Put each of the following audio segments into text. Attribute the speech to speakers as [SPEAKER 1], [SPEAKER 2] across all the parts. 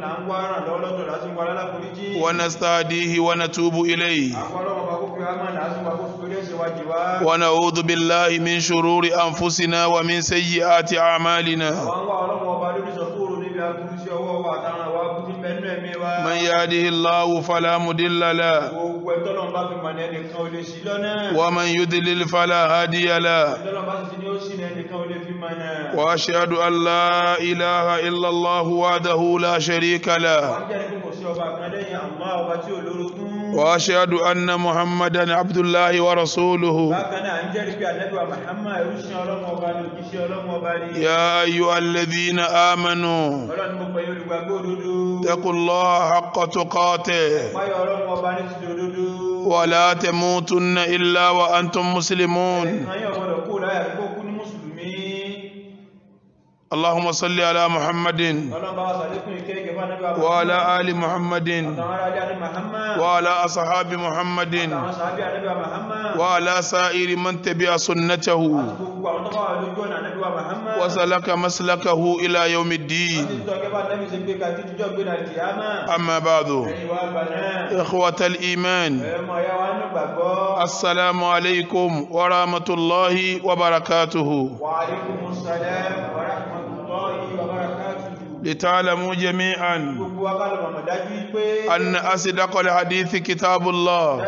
[SPEAKER 1] là ń wá ràn lọ́wọ́ lọ́dọ̀ láti wà lálàforíjì wa nasta'dihi wa natubu ilayhi ونعوذ بالله من شرور أنفسنا ومن سيئات أعمالنا من يهده الله فلا مضل له ومن يدلل فلا هادي له وأشهد أن لا إله إلا الله وحده لا شريك له وأشهد أن محمدا عبد الله ورسوله يا أيها الذين آمنوا اتقوا الله حق تقاته ولا تموتن إلا وأنتم مسلمون اللهم صل على محمد وعلى آل محمد وعلى أصحاب محمد وعلى سائر من تبع سنته وسلك مسلكه إلى يوم الدين أما بعد إخوة الإيمان السلام عليكم ورحمة الله وبركاته وعليكم السلام لتعلموا جميعا أن أصدق الحديث كتاب الله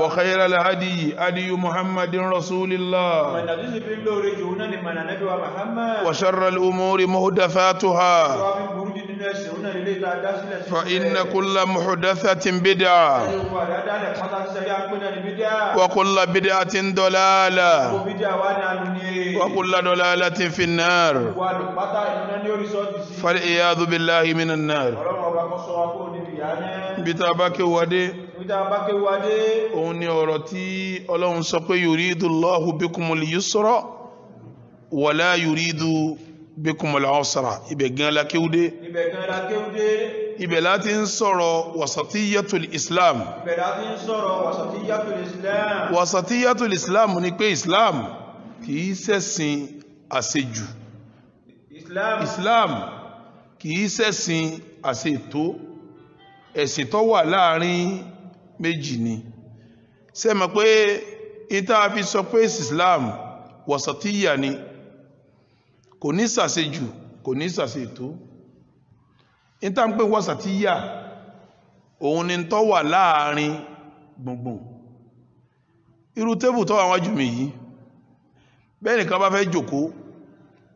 [SPEAKER 1] وخير الهدي هدي محمد رسول الله وشر الأمور مهدفاتها فإن كل محدثة بدعة وكل بدعة ضلالة وكل ضلالة في النار فالعياذ بالله من النار bí tá a bá ké wadé òun ni ọ̀rọ̀ tí ọlọ́run sọ pé yuridu Allahu bikumul yusra wala yuridu bikumul usra ibẹ̀ gan la kéwúdé ibẹ̀ láti ń sọ̀rọ̀ wasatiyatul islam wasatiyatul islam ni pé islam kì í ṣẹ̀sìn àṣejù. Islam kìí ṣẹ̀sìn àṣètò ẹ̀sìn tó wà láàrin méjì ni sẹ́mọ̀ pé ìta fi sọ pé Islam wọ̀sàtíyà ni kò ní ṣàṣejù kò ní ṣàṣètò ìta ń pè wọ̀sàtíyà òun ni tó wà láàrin gbùngbùn irú tébù tó wà wájú mi yìí bẹ́ẹ̀ nìkan bá fẹ́ jòkó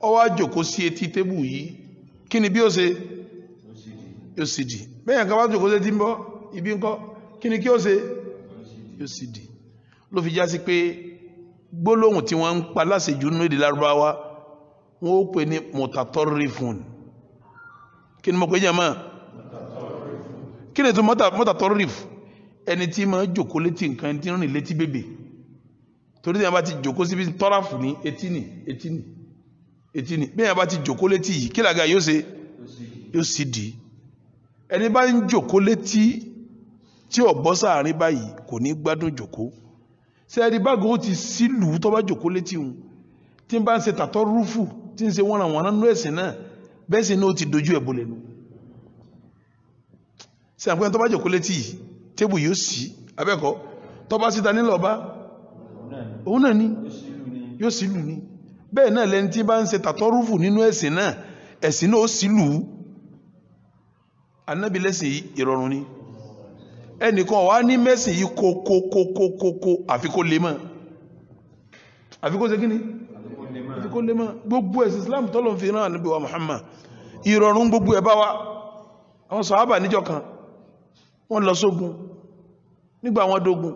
[SPEAKER 1] ó wá jókòó sí etí tébù yìí kí ni bí ó ṣe yóò sì dì bẹ́yàn kan bá jókòó sí etí ń bọ́ ibi ń kọ́ kí ni kí ó ṣe yóò sì dì ló fi já sí pé gbólóhùn tí wọ́n ń pa láṣejù nínú èdè lárúbáwá wọ́n ó pè ní mọ̀tàtọ́rìfún kí ni mo pè jẹ́ mọ́ kí ni tó mọ́tàtọ́rìfún ẹni tí máa jókòó létí nǹkan ẹni tí ń rìn létí bèbè torí tí wọ́n bá ti jókòó síbi tọ́ráfù ní etí nì etí nì etí ni bí ẹ bá ti jòkó létí yìí kí làgà yóò ṣe yóò sì dì í ẹni bá ń jòkó létí tí ò bọ́ sáàrin báyìí kò ní gbádùn jòkó ṣe ẹni bá gòó ti sílùú tó bá jòkó létí òun tí ń bá ń ṣe tàtọ́ rúfù tí ń ṣe wọ́n àwọn nánú ẹ̀sìn náà bẹ́ẹ̀ sì ni ó ti dojú ẹ̀ bolẹ̀ nù ṣe àpẹẹrẹ tó bá jòkó létí yìí tébù yóò sí abẹ́kọ̀ọ́ tó bá síta nílọ́ọ̀bá òun náà ni yóò sílùú ni. bẹ́ẹ̀ náà lẹni tí bá ń ṣe tàtọ́rùfù nínú ẹ̀sìn náà ẹ̀sìn náà ó sì lù ú anábì lẹ́sìn ìrọ̀rùn ni ẹnìkan wà ní mẹ́sìn yìí kókókókókó àfi kó lè ṣe kí ni gbogbo ẹ̀sìn Islam tọ́lọ̀ fi rán ànábì wa Muhammad ìrọ̀rùn gbogbo ẹ̀ bá wa àwọn sàhábà níjọ kan wọ́n lọ sógun nígbà wọn dógun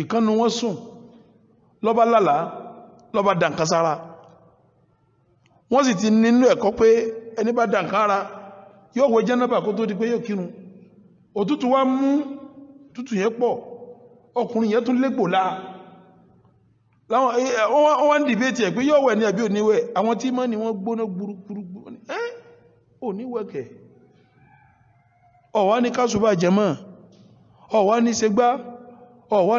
[SPEAKER 1] ìkànnù wọn sùn lọ́ba lálàá lọ́ba dànkan sára wọ́n sì ti nínú ẹ̀kọ́ pé ẹni bá dànkan ara yóò wẹ jẹ́nàbà kó tó di pé yóò kírun òtútù wá mú tútù yẹn pọ̀ ọkùnrin yẹn tún légbò láà láwọn wọ́n wá ń dìbẹ́tì ẹ̀ pé yóò wẹ̀ ní àbí òníwẹ̀ àwọn tí mọ́ ni wọ́n gbóná gbúrúgbúrú ní ẹ́ òníwẹ̀kẹ̀ ọ̀wá ní kásùbà jẹmọ́ ọ̀wá ní segbá ọ̀wá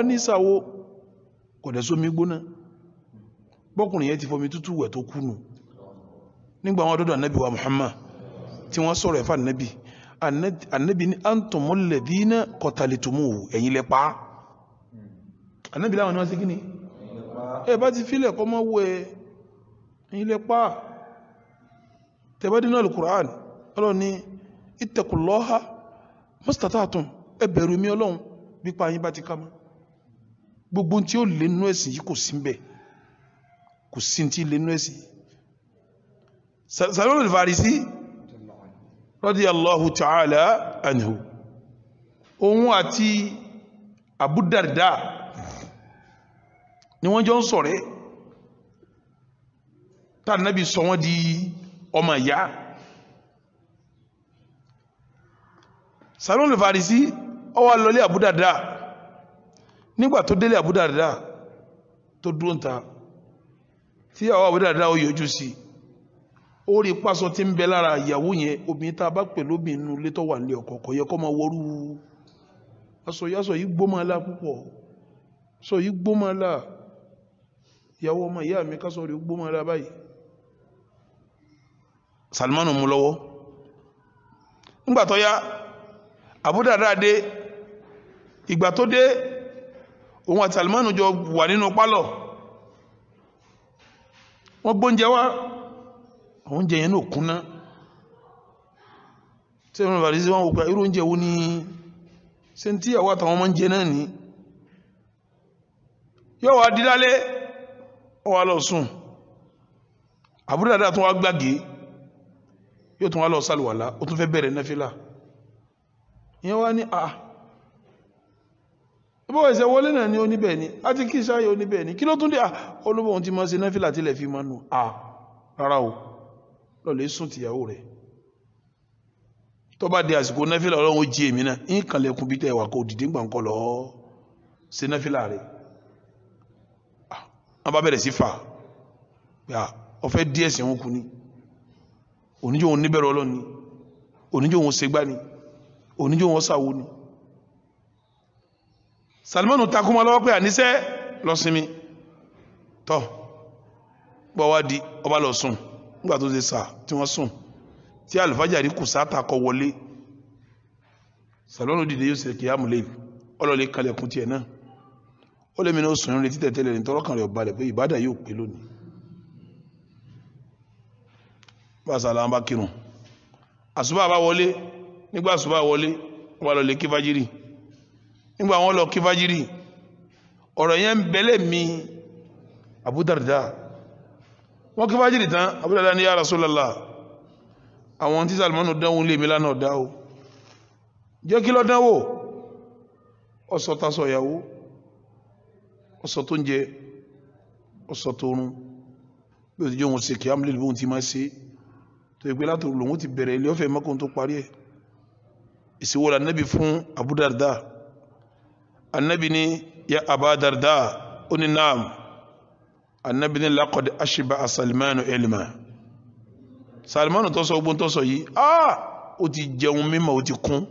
[SPEAKER 1] kọ̀dẹ̀ sómi gbóná bọ́kùnrin yẹn ti fomi tútù wẹ̀ tó kú nù nígbà wọn dọ́dọ̀ anabi wa muhammad tí wọ́n sọ̀rọ̀ ẹ̀fà anabi anabi ni antumul ladina qataltumuhu ẹ̀yin lẹ pa anabi láwọn ni wọ́n ṣe kí ni ẹ bá ti filẹ̀ kọ́ mọ́ wẹ̀ ẹ̀yin lẹ pa tẹ̀bẹ́dínú alukur'an ọlọ́ni ittaqullaha mastata'tum ẹ bẹ̀rù mi ọlọ́run bí pa yín bá ti ká mọ́ gbogbo tí ó lé nínú ẹ̀sìn yìí kò sí bẹ́ẹ̀ kò sí ti lè nú ẹ̀sìn Salman al-Farisi radiyallahu ta'ala anhu òun àti Abu Darda ni wọ́n jọ ń ṣọ̀rẹ́ táà nábì sọ wọ́n di ọmọ ìyá Salman al-Farisi ó lọlé Abu nígbà tó délé Abu tó dúró ń ta tí àwọn àbúrò dáadáa ó yọjú sí ó rí pásọ tí ń bẹ lára ìyàwó yẹn obìnrin tá a bá pẹ̀lú obìnrin nínú ilé tó wà nílé ọkọ yẹ kó máa wọrú aṣọ yásọ yìí gbó la púpọ̀ sọ yìí gbó la ìyàwó ọmọ ìyá mi kásọ rí gbó la báyìí Salmanu mú lọ́wọ́ ńgbà tó yá àbúrò dáadáa dé ìgbà tó dé òun àti Salmanu jọ wà nínú pálọ̀ wọ́n gbóúnjẹ wá oúnjẹ yẹn náà kúnná tí wọ́n bá rí sí wọ́n wò pé irú oúnjẹ wo ni ṣe tí àwọn àtàwọn ọmọ ń jẹ náà ní yóò wá di ó wá lọ sùn àbúrò dáadáa tún wá gbàgé yóò tún wá lọ sálùwàlá ó tún fẹ́ bẹ̀rẹ̀ náfìlà ìyẹn wá ní àà ah, bó ẹ̀sẹ̀ wọlé náà ni oníbẹ̀ ni a ti kí sáyé oníbẹ̀ ni kí ló tún dé ah, olóbò ohun ti máa ṣe náfìlà tilẹ̀ fi máa nù à ah, rárá o lọ́lẹ̀ sùn tìyàwó rẹ̀ tó bá di àsìkò náfìlà ọlọ́run ó jí èmi náà ń kànlẹ̀kùn bí tẹ́ wà kó dìde gbàǹkọ́ lọ ṣe náfìlà rẹ̀ ah, wọ́n bá bẹ̀rẹ̀ sí fà yà ọ̀fẹ́ díẹ̀ sí wọn kù ni oníjó wọn níbẹ̀rẹ̀ ọlọ́ni oníjó wọn ṣègbà ni oníjó wọn ṣàwo ni Salmanu takuma lọ́wọ́ pé àníṣẹ́ lọ sinmi tọ́ gbọ́ wá di ọba lọ sùn nígbà tó ṣe sà tí wọ́n sùn tí alifájàrí kù sáta kọ wọlé Salmanu dìde yóò ṣe kí amúlẹ̀ ọlọ́lẹ̀ kalẹ̀kùn tiẹ̀ náà ó lé mi ní oṣù ìrìn títẹ̀ tẹ́lẹ̀ nítorí ọkàn rẹ̀ ò balẹ̀ pé ìbádà yóò pé lónìí bá a bá kírun àṣùbà bá wọlé nígbà àṣùbà wọlé wọn lọ lè kí fájírì nígbà wọn lọ kí fájírì ọ̀rọ̀ yẹn ń bẹ́lẹ̀ mi Abu Darda wọ́n kí fájírì tán Abu Darda ní ya Rasulullah àwọn tí Salmanu dánwò lè mi lánàá dá o jẹ́ kí lọ dánwò ọ̀sọ̀ tasọ̀ ìyàwó ọ̀sọ̀ tó ń jẹ ọ̀sọ̀ tó rún bí o ti jẹ́ òun ṣe kí amúlẹ̀ lóun ti máa ṣe tó ìgbé látòrò lòun ti bẹ̀rẹ̀ ilé ọ̀fẹ́ mọ́kàn tó parí ẹ̀ ìsìwọ́lá nẹ́bí fún Abu annabi ni ya abadarda ó ní naam annabi ni laqad ashiba asalimanu ilma salimanu tó sọ ogun tó sọ yìí ah ó ti jẹun mímọ̀ ó ti kún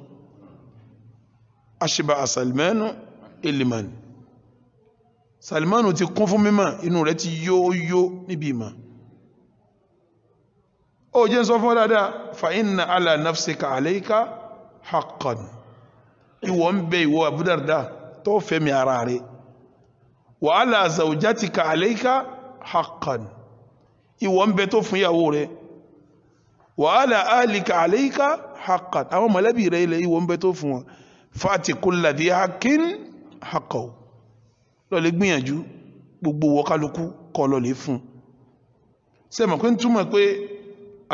[SPEAKER 1] ashiba asalimanu ilma salimanu ti kún fún mímọ̀ inú rẹ̀ ti yó yó níbi ìmọ̀ ó jẹ́ sọ fún dáadáa fa inna ala nafsika alayka haqqan ìwọ ń bẹ ìwọ tó fẹ́mi ara rẹ̀ wa ala zawjatika alayka haqqan ìwọ ń bẹ tó fún ìyàwó rẹ̀ wa ala ahlika alayka haqqan àwọn mọ̀lẹ́bí rẹ̀ ilẹ̀ ìwọ ń bẹ tó fún wọn fati kulla dhi haqqin haqqahu lọ́lẹ̀ gbìyànjú gbogbo wọ́kálukú kọ́ lọ́lẹ̀ fún sẹ́mọ̀ pé ń túmọ̀ pé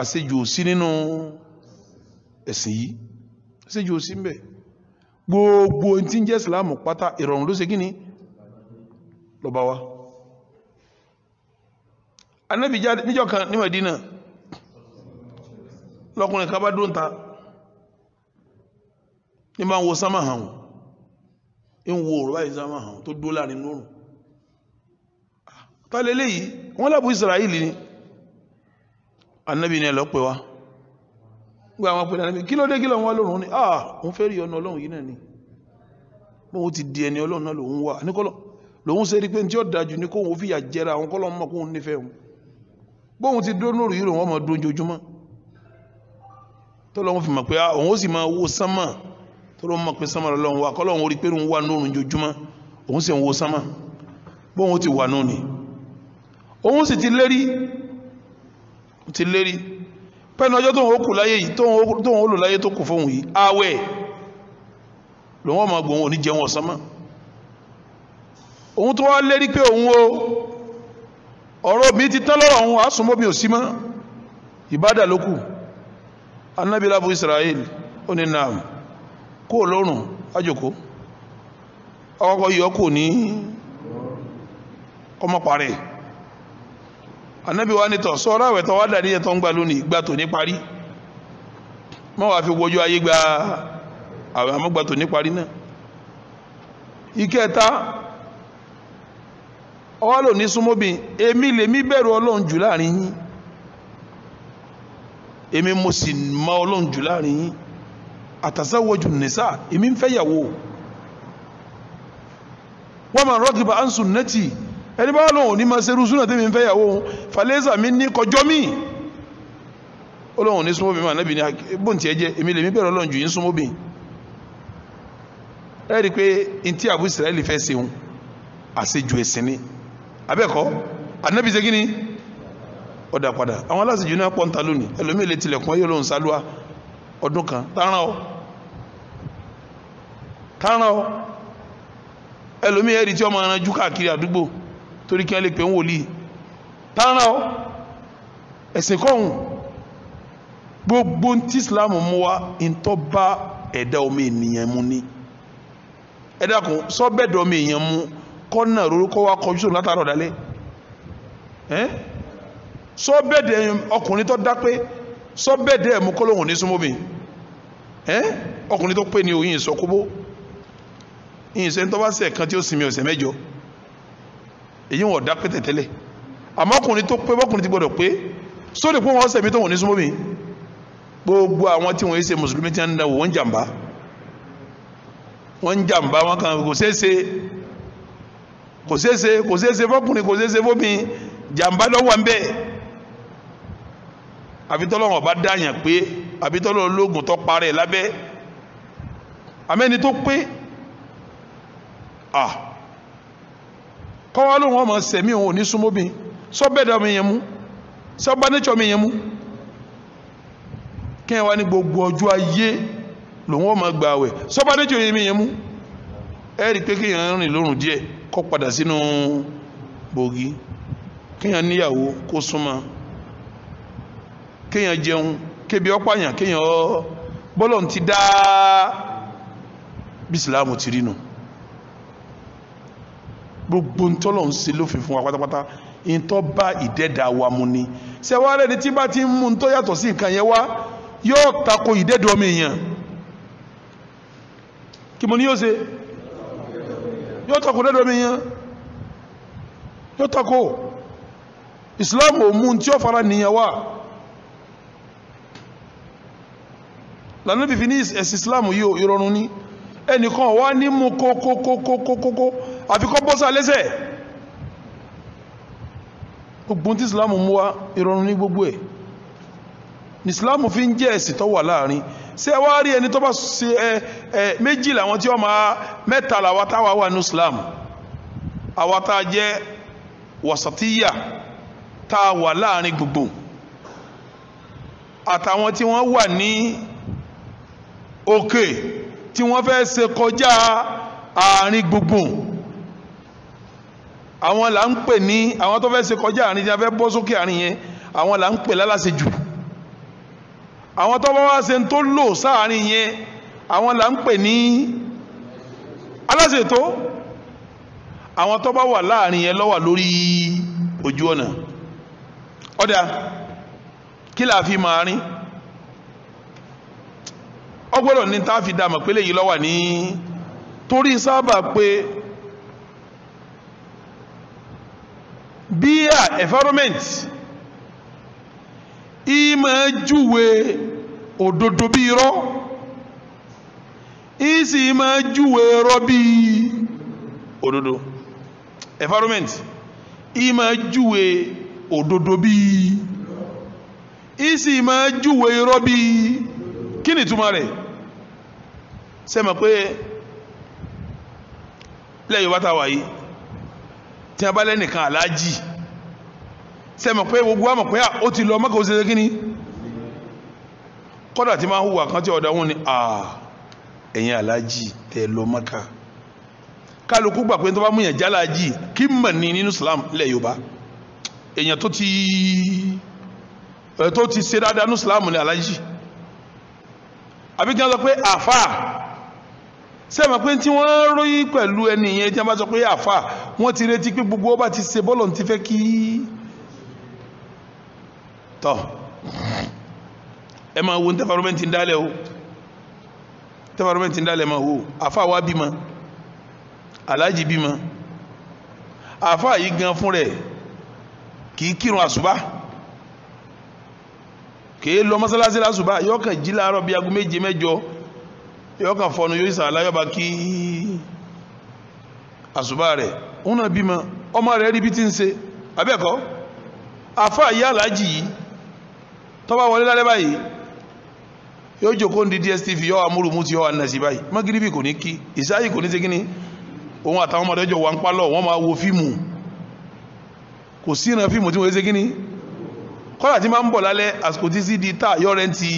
[SPEAKER 1] àṣejù sí nínú ẹ̀sìn yìí àṣejù sí ń bẹ̀ẹ́ gbogbo tí ń jẹ́ ìsìláàmù pátá ìrọ̀rùn ló ni wa anábì jáde kan ní Madina lọ́kùnrin kan bá dó ta ní ń wo sámà ń wo tó láàrin lórùn ah, wọ́n ni ni gbogbo àwọn apẹ̀lẹ̀ àmì kí ló dé kí lọ wọ́n lòrùn ní àà ah, òun fẹ́ rí ọ̀nà ọlọ́run yìí náà ni mọ́ o ti di ẹni ọlọ́run náà lòun wà níkọ́lọ̀ lòun ṣe rí pé tí ó dájú ní kóhun fìyà jẹra àwọn kọ́lọ́ mọ̀ kóhun nífẹ̀ẹ́ òun bóhun ti dónú rí rò wọ́n mọ̀ dún ojoojúmọ́ tó lọ́wọ́n fi mọ̀ pé ah, òun ó sì máa wo sánmà tó lọ́wọ́n mọ̀ pé sánmà lọ́wọ́n wà kọ́lọ́run orí pé òun wà nórun ojoojúmọ́ òun sì ń wo sánmà bóhun ti wà nù ni òun sì ti lérí ti lérí pẹ́nu ọjọ́ tóun ó kù láyé yìí tóun ó lò láyé tó kù fóun yìí àwẹ̀ lòun ọmọ gbòun ò ní jẹun ọ̀sán mọ́ òun tó wá lérí pé òun o ọ̀rọ̀ mi ti tán lọ́rọ̀ òun àsùnmọ́ mi ò sí mọ́ ìbádà ló kù anábìlá Israel ó ní naam kó o lọ́rùn ajoko ọkọ̀ yìí ọkọ̀ ní ọmọ parẹ́ anabi wa ni tọ sọ̀rọ̀ àwẹ̀ tọ́ wá dàdí yẹn tọ́ ń gbà lónìí gbà tó ní parí mọ́ wàá fi wojú ayé gba àwẹ̀ àmọ́ gbà tó ní parí náà ìkẹta ọwọ́ lò ní súnmọ́bìn èmi lèmi bẹ̀rù ọlọ́run jù láàrin yín èmi mo sì mọ ọlọ́run jù láàrin yín àtàsáwọ́jù nìsá èmi ń fẹ́yàwó wọ́n máa rọ́gìbà ánsùn nẹ́tì ẹni bá lóun ò ní máa ṣerú súnà tẹ́mi ń fẹ́ yàwó òun falẹ́sà mi ní kọjọ́ mi ó lóun ní súnmọ́bì máa nábì ní bóńtì ẹ̀jẹ̀ èmi lèmi bẹ̀rẹ̀ ọlọ́run jù yín súnmọ́bì ẹ rí i pé ntí àbú ìsirẹ́lì fẹ́ ṣeun àṣejù ẹ̀sìn ni abẹ́kọ́ ànábì ṣe kíni ọ̀dà padà àwọn aláṣejù náà pọ́ńtà lónìí ẹlòmíì lè tilẹ̀kùn ayé lóun sálúwa ọdún kan tààrà ọ tààrà ọ ẹlòmíì ẹ̀rí tí ọmọ aranjú káàkiri àdúgbò torí kí wọ́n lè pè ń wòlíì tánra ọ ẹ̀sìn kọ́hùn gbogbo tí Islam mú wa ntọ́ bá ẹ̀dá omi ènìyàn mu ní ẹ̀dá kan sọ́bẹ̀dọ̀ omi ènìyàn mu kọ́nà rorokọ́ wa kọjú sóun látàrọ̀ dálé sọ́bẹ̀dẹ̀ ọkùnrin tó dápé sọ́bẹ̀dẹ̀ mú kọ́lóhùn ní súnmọ́ ọkùnrin tó pé ní oyin ìsọkúbó ìyìnsẹ́ ń tọ́ bá sẹ̀ kan tí ó sinmi ọ̀sẹ̀ mẹ́jọ èyí wọn ọ̀dá pé tẹ̀tẹ́lẹ̀ àmọ́ ọkùnrin tó pé bọ́kùnrin ti gbọ́dọ̀ pé sórí pé wọ́n sẹ̀mí tó wọ́n ní súnmọ́ mi gbogbo àwọn tí wọ́n yé ṣe mùsùlùmí ti ń da wọ́n jàǹbá wọ́n jàǹbá wọn kan kò ṣeéṣe kò ṣeéṣe kò ṣeéṣe fọkùnrin kò ṣeéṣe fómi jàǹbá lọ́wọ́ ń bẹ àfitọ́lọ́wọ́n ọba dáyàn pé àfitọ́lọ́ ológun tó parẹ́ lábẹ́ amẹ́ni tó pé ah kọ́wá lóhun ọmọ sẹ̀mí òun ò ní súnmọ́ bí sọ bẹ́ẹ̀dọ̀ mi yẹn mú sọ bá nature mi yẹn mú kẹ́yìn wá ní gbogbo ọjọ́ ayé lòun ọmọ gbà wẹ̀ sọ bá nature mi yẹn mú ẹ rí i pé kéèyàn rìn lórùn díẹ̀ kọ́ padà sínú bògì kéèyàn níyàwó kó súnmọ́ kéèyàn jẹun kébi ọ̀pààyàn kéèyàn bọ́lọ̀ ti dá bísílámù ti rí nù. No gbogbo ntọ́lọ̀ ń ṣe lófin fún wa pátápátá ntọ́ bá ìdẹ́dà wa mu ni sẹ́wárẹ́ ni tí bá ti ń mú ntọ́ yàtọ̀ sí nǹkan yẹn wá yóò tako ìdẹ́dà ọmọ èèyàn kí mo ní yóò ṣe yóò tako ìdẹ́dà ọmọ èèyàn yóò tako Islam ò mú ntí ó nìyẹn wá lànà bìbí ní ẹ̀sìn Islam yìí ò ìrọ̀rùn ni ẹnìkan wà ní mú kókókókókókó àfi kọ́ bọ́sà lẹ́sẹ̀ gbogbo tí islam mú wá ìrọ̀rùn ní gbogbo ẹ̀ ní islam fi ń jẹ́ ẹ̀sìn tó wà láàrin ṣé ẹ wá rí ẹni tó bá ṣe ẹ ẹ méjì làwọn tí ó máa mẹ́ta làwọn táwa wà ní islam àwa tá a jẹ́ wasatiya tá a wà láàrin gbogbo àtàwọn tí wọ́n wà ní òkè tí wọ́n fẹ́ ṣe kọjá àárín gbùngbùn àwọn là ń pè ní àwọn tó fẹ́ kọjá àárín fẹ́ yẹn àwọn là ń pè jù àwọn tó bá wá yẹn àwọn là ń pè ní aláṣetó àwọn tó bá wà láàárín yẹn ló lórí ojú ọ̀nà ọ̀dà kí la fi máa rìn ọgbọ́dọ̀ ní tá a fi mọ̀ pé léyìí ní torí sábà pé bíyà environment Ima juwe òdodo bí irọ́ ìsì ìmọ̀ júwe irọ́ bí òdodo environment ìmọ̀ júwe òdodo bí ìsì ìmọ̀ júwe irọ́ bí kí ni túmọ̀ rẹ̀ sẹ́mọ̀ pé lẹ́yìn wátàwá yìí tí wọ́n bá lẹ́nìkan aláàjì sẹ́mọ̀ pé gbogbo àmọ̀ pé ó ti lọ mọ́kà ó kí ni kọ́dà tí máa ń hùwà kan tí ọ̀dọ̀ wọn ni ẹ̀yin aláàjì tẹ́ lọ mọ́kà kálukú gbà pé tó bá mú yẹn jálàjì kí mọ̀ ní nínú Islam ilẹ̀ Yorùbá èèyàn tó ti tó ti ṣe dáadáa nínú Islam ní aláàjì àbí kí wọ́n sọ pé àfáà sẹ́mi pé tí wọ́n ròyìn pẹ̀lú ẹni yẹn tí wọ́n bá sọ pé àfà wọ́n ti retí pé gbogbo ọba ti ṣe bọ́ọ̀lù ti fẹ́ kí tọ́ ẹ máa wo tẹ́fàrọ́mẹ́ntì ń dálẹ̀ o tẹ́fàrọ́mẹ́ntì ń dálẹ̀ máa wo àfà wa bímọ aláàjì bímọ àfà yìí gan fún rẹ̀ kì í kírun àṣùbá kì í lọ mọ́sálásí lásùbá yọkàn jí láàárọ̀ bíi aago méje mẹ́jọ yóò kàn fọnu yóò sàlá yóò bá kí àṣùbà rẹ̀ òun náà bímọ ọmọ rẹ̀ rí bí ti ń ṣe abẹ́ẹ̀kọ́ àfa ìyá aláàjì yìí tọ́ba wọlé lálẹ́ báyìí yóò jókòó ní DSTV yóò wá múrùmú ti yóò wá nà sí báyìí magiribi kò ní kí ìsáyì kò ní ṣe kíní òun àtàwọn ọmọdé jọ wà ń pálọ̀ wọ́n máa wo fíìmù kò sí ìran fíìmù tí wọ́n ṣe kíní kọ́lá tí máa ń bọ̀ lálẹ́ àsìkò tí di tá yọ̀rẹ́ ti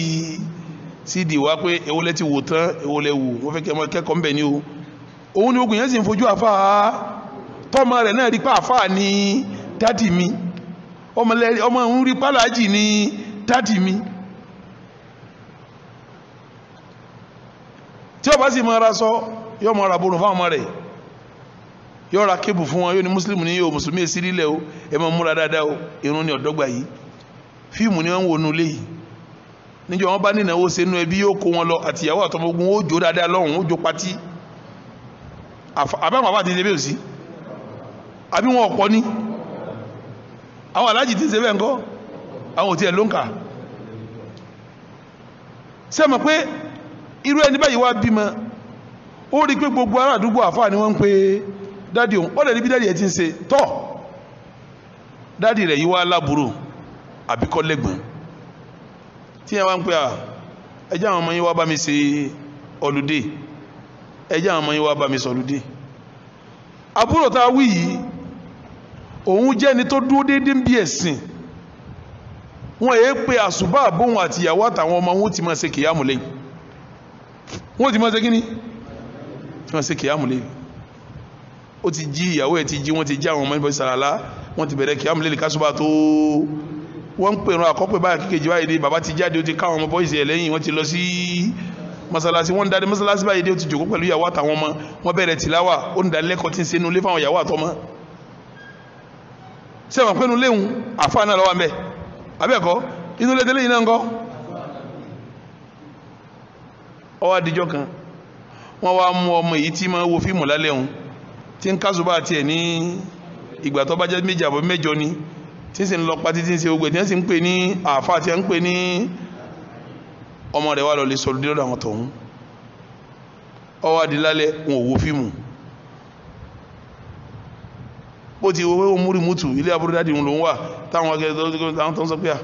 [SPEAKER 1] sídìí wá pé èwo lẹ ti wò tán èwo lẹ wò wọ́n fẹ́ kí ọmọ kẹ́kọ̀ọ́ mbẹ̀ ni o òun ni ogun yẹn sì ń fojú àfa tọ́mọ rẹ̀ náà rí pa àfa ní dádì mi ọmọ òun rí pa aláàjì ní dádì mi. tí ọba sì máa ra sọ yóò máa ra borun fáwọn ọmọ rẹ̀ yóò ra kébù fún wọn yóò ní mùsùlùmí ni yóò mùsùlùmí èsì lílẹ̀ o ẹ máa múra dáadáa o irun ni ọ̀dọ́gba yìí fíìmù ni wọ́n ń wo nulẹ̀ yìí níjọ wọn bá ní ìnáwó sínú ẹbí yóò kó wọn lọ àtìyàwó àtọmọgbọn ó jó dáadáa lọ́hùn ó jó patí àbáwọn àbá ti ṣe bẹ́ẹ̀ sí àbí wọn ọ̀pọ̀ ní àwọn aláàjì ti ṣe bẹ́ẹ̀ ńkọ́ àwọn ò tiẹ̀ ló ń kà sẹ́mi pé irú ẹni báyìí wá bímọ ó rí i pé gbogbo ará àdúgbò àfáà ni wọ́n ń pe dádì òun ọ̀dẹ̀ níbi dádì ẹ̀ ti ń ṣe tọ́ dádì rẹ̀ yìí wá láburú àbíkọ́ lẹ́gbọ̀n tí yẹn wá ń pè à ẹjẹ́ àwọn ọmọ yín wá bá mi ṣe ọlùdé ẹjẹ́ àwọn ọmọ yín wá bá mi ṣe ọlùdé àbúrò tá a wí yìí òun jẹ́ ẹni tó dúró déédéé ń bí ẹ̀sìn wọn èé pe àṣùbà àbóhun àtìyàwó àtàwọn ọmọ wọn ti máa ṣe kìyàmù lẹ́yìn wọn ti máa ṣe kíní tí wọ́n ṣe kìyàmù lẹ́yìn ó ti jí ìyàwó ẹ̀ ti jí wọ́n ti jí àwọn ọmọ ìbọn ìsàlálá wọ́n ti bẹ̀rẹ̀ kìyàmù lẹ́yìn kásùbà tó wọ́n ń pèrún àkọ́pẹ́ báyà kékeré báyìí dé bàbá ti jáde ó ti káwọn ọmọ bọ́ìsì ẹ̀ lẹ́yìn wọ́n ti lọ sí masalasi wọ́n ń darí masalasi báyìí dé ó ti jòkó pẹ̀lú ìyàwó àtàwọn ọmọ wọ́n bẹ̀rẹ̀ tìláwà ó ń darí lẹ́kọ̀ọ́ tí ń sẹ́nu lé fáwọn ìyàwó àtọmọ. sẹ́wọ̀n pẹ́nu léwu àfa náà lọ́wọ́ mbẹ́ abẹ́ẹ̀kọ́ inú lé délé yìí náà ń kọ́ tí sì ń lọ pa títí ṣe ogun ìtẹ́sí ń pè ní àfa àti ẹ̀ ń pè ní ọmọ rẹ̀ wà lọ lè sọ̀rọ̀ dídọ́dọ̀ àwọn tọ̀hún ọwọ́ adìlálẹ̀ wọn ò wo fíìmù bó ti wo pé ó múrí mútu ilé abúrúdádì ń lò ń wà táwọn akẹ́kọ̀ọ́ táwọn tó ń sọ pé à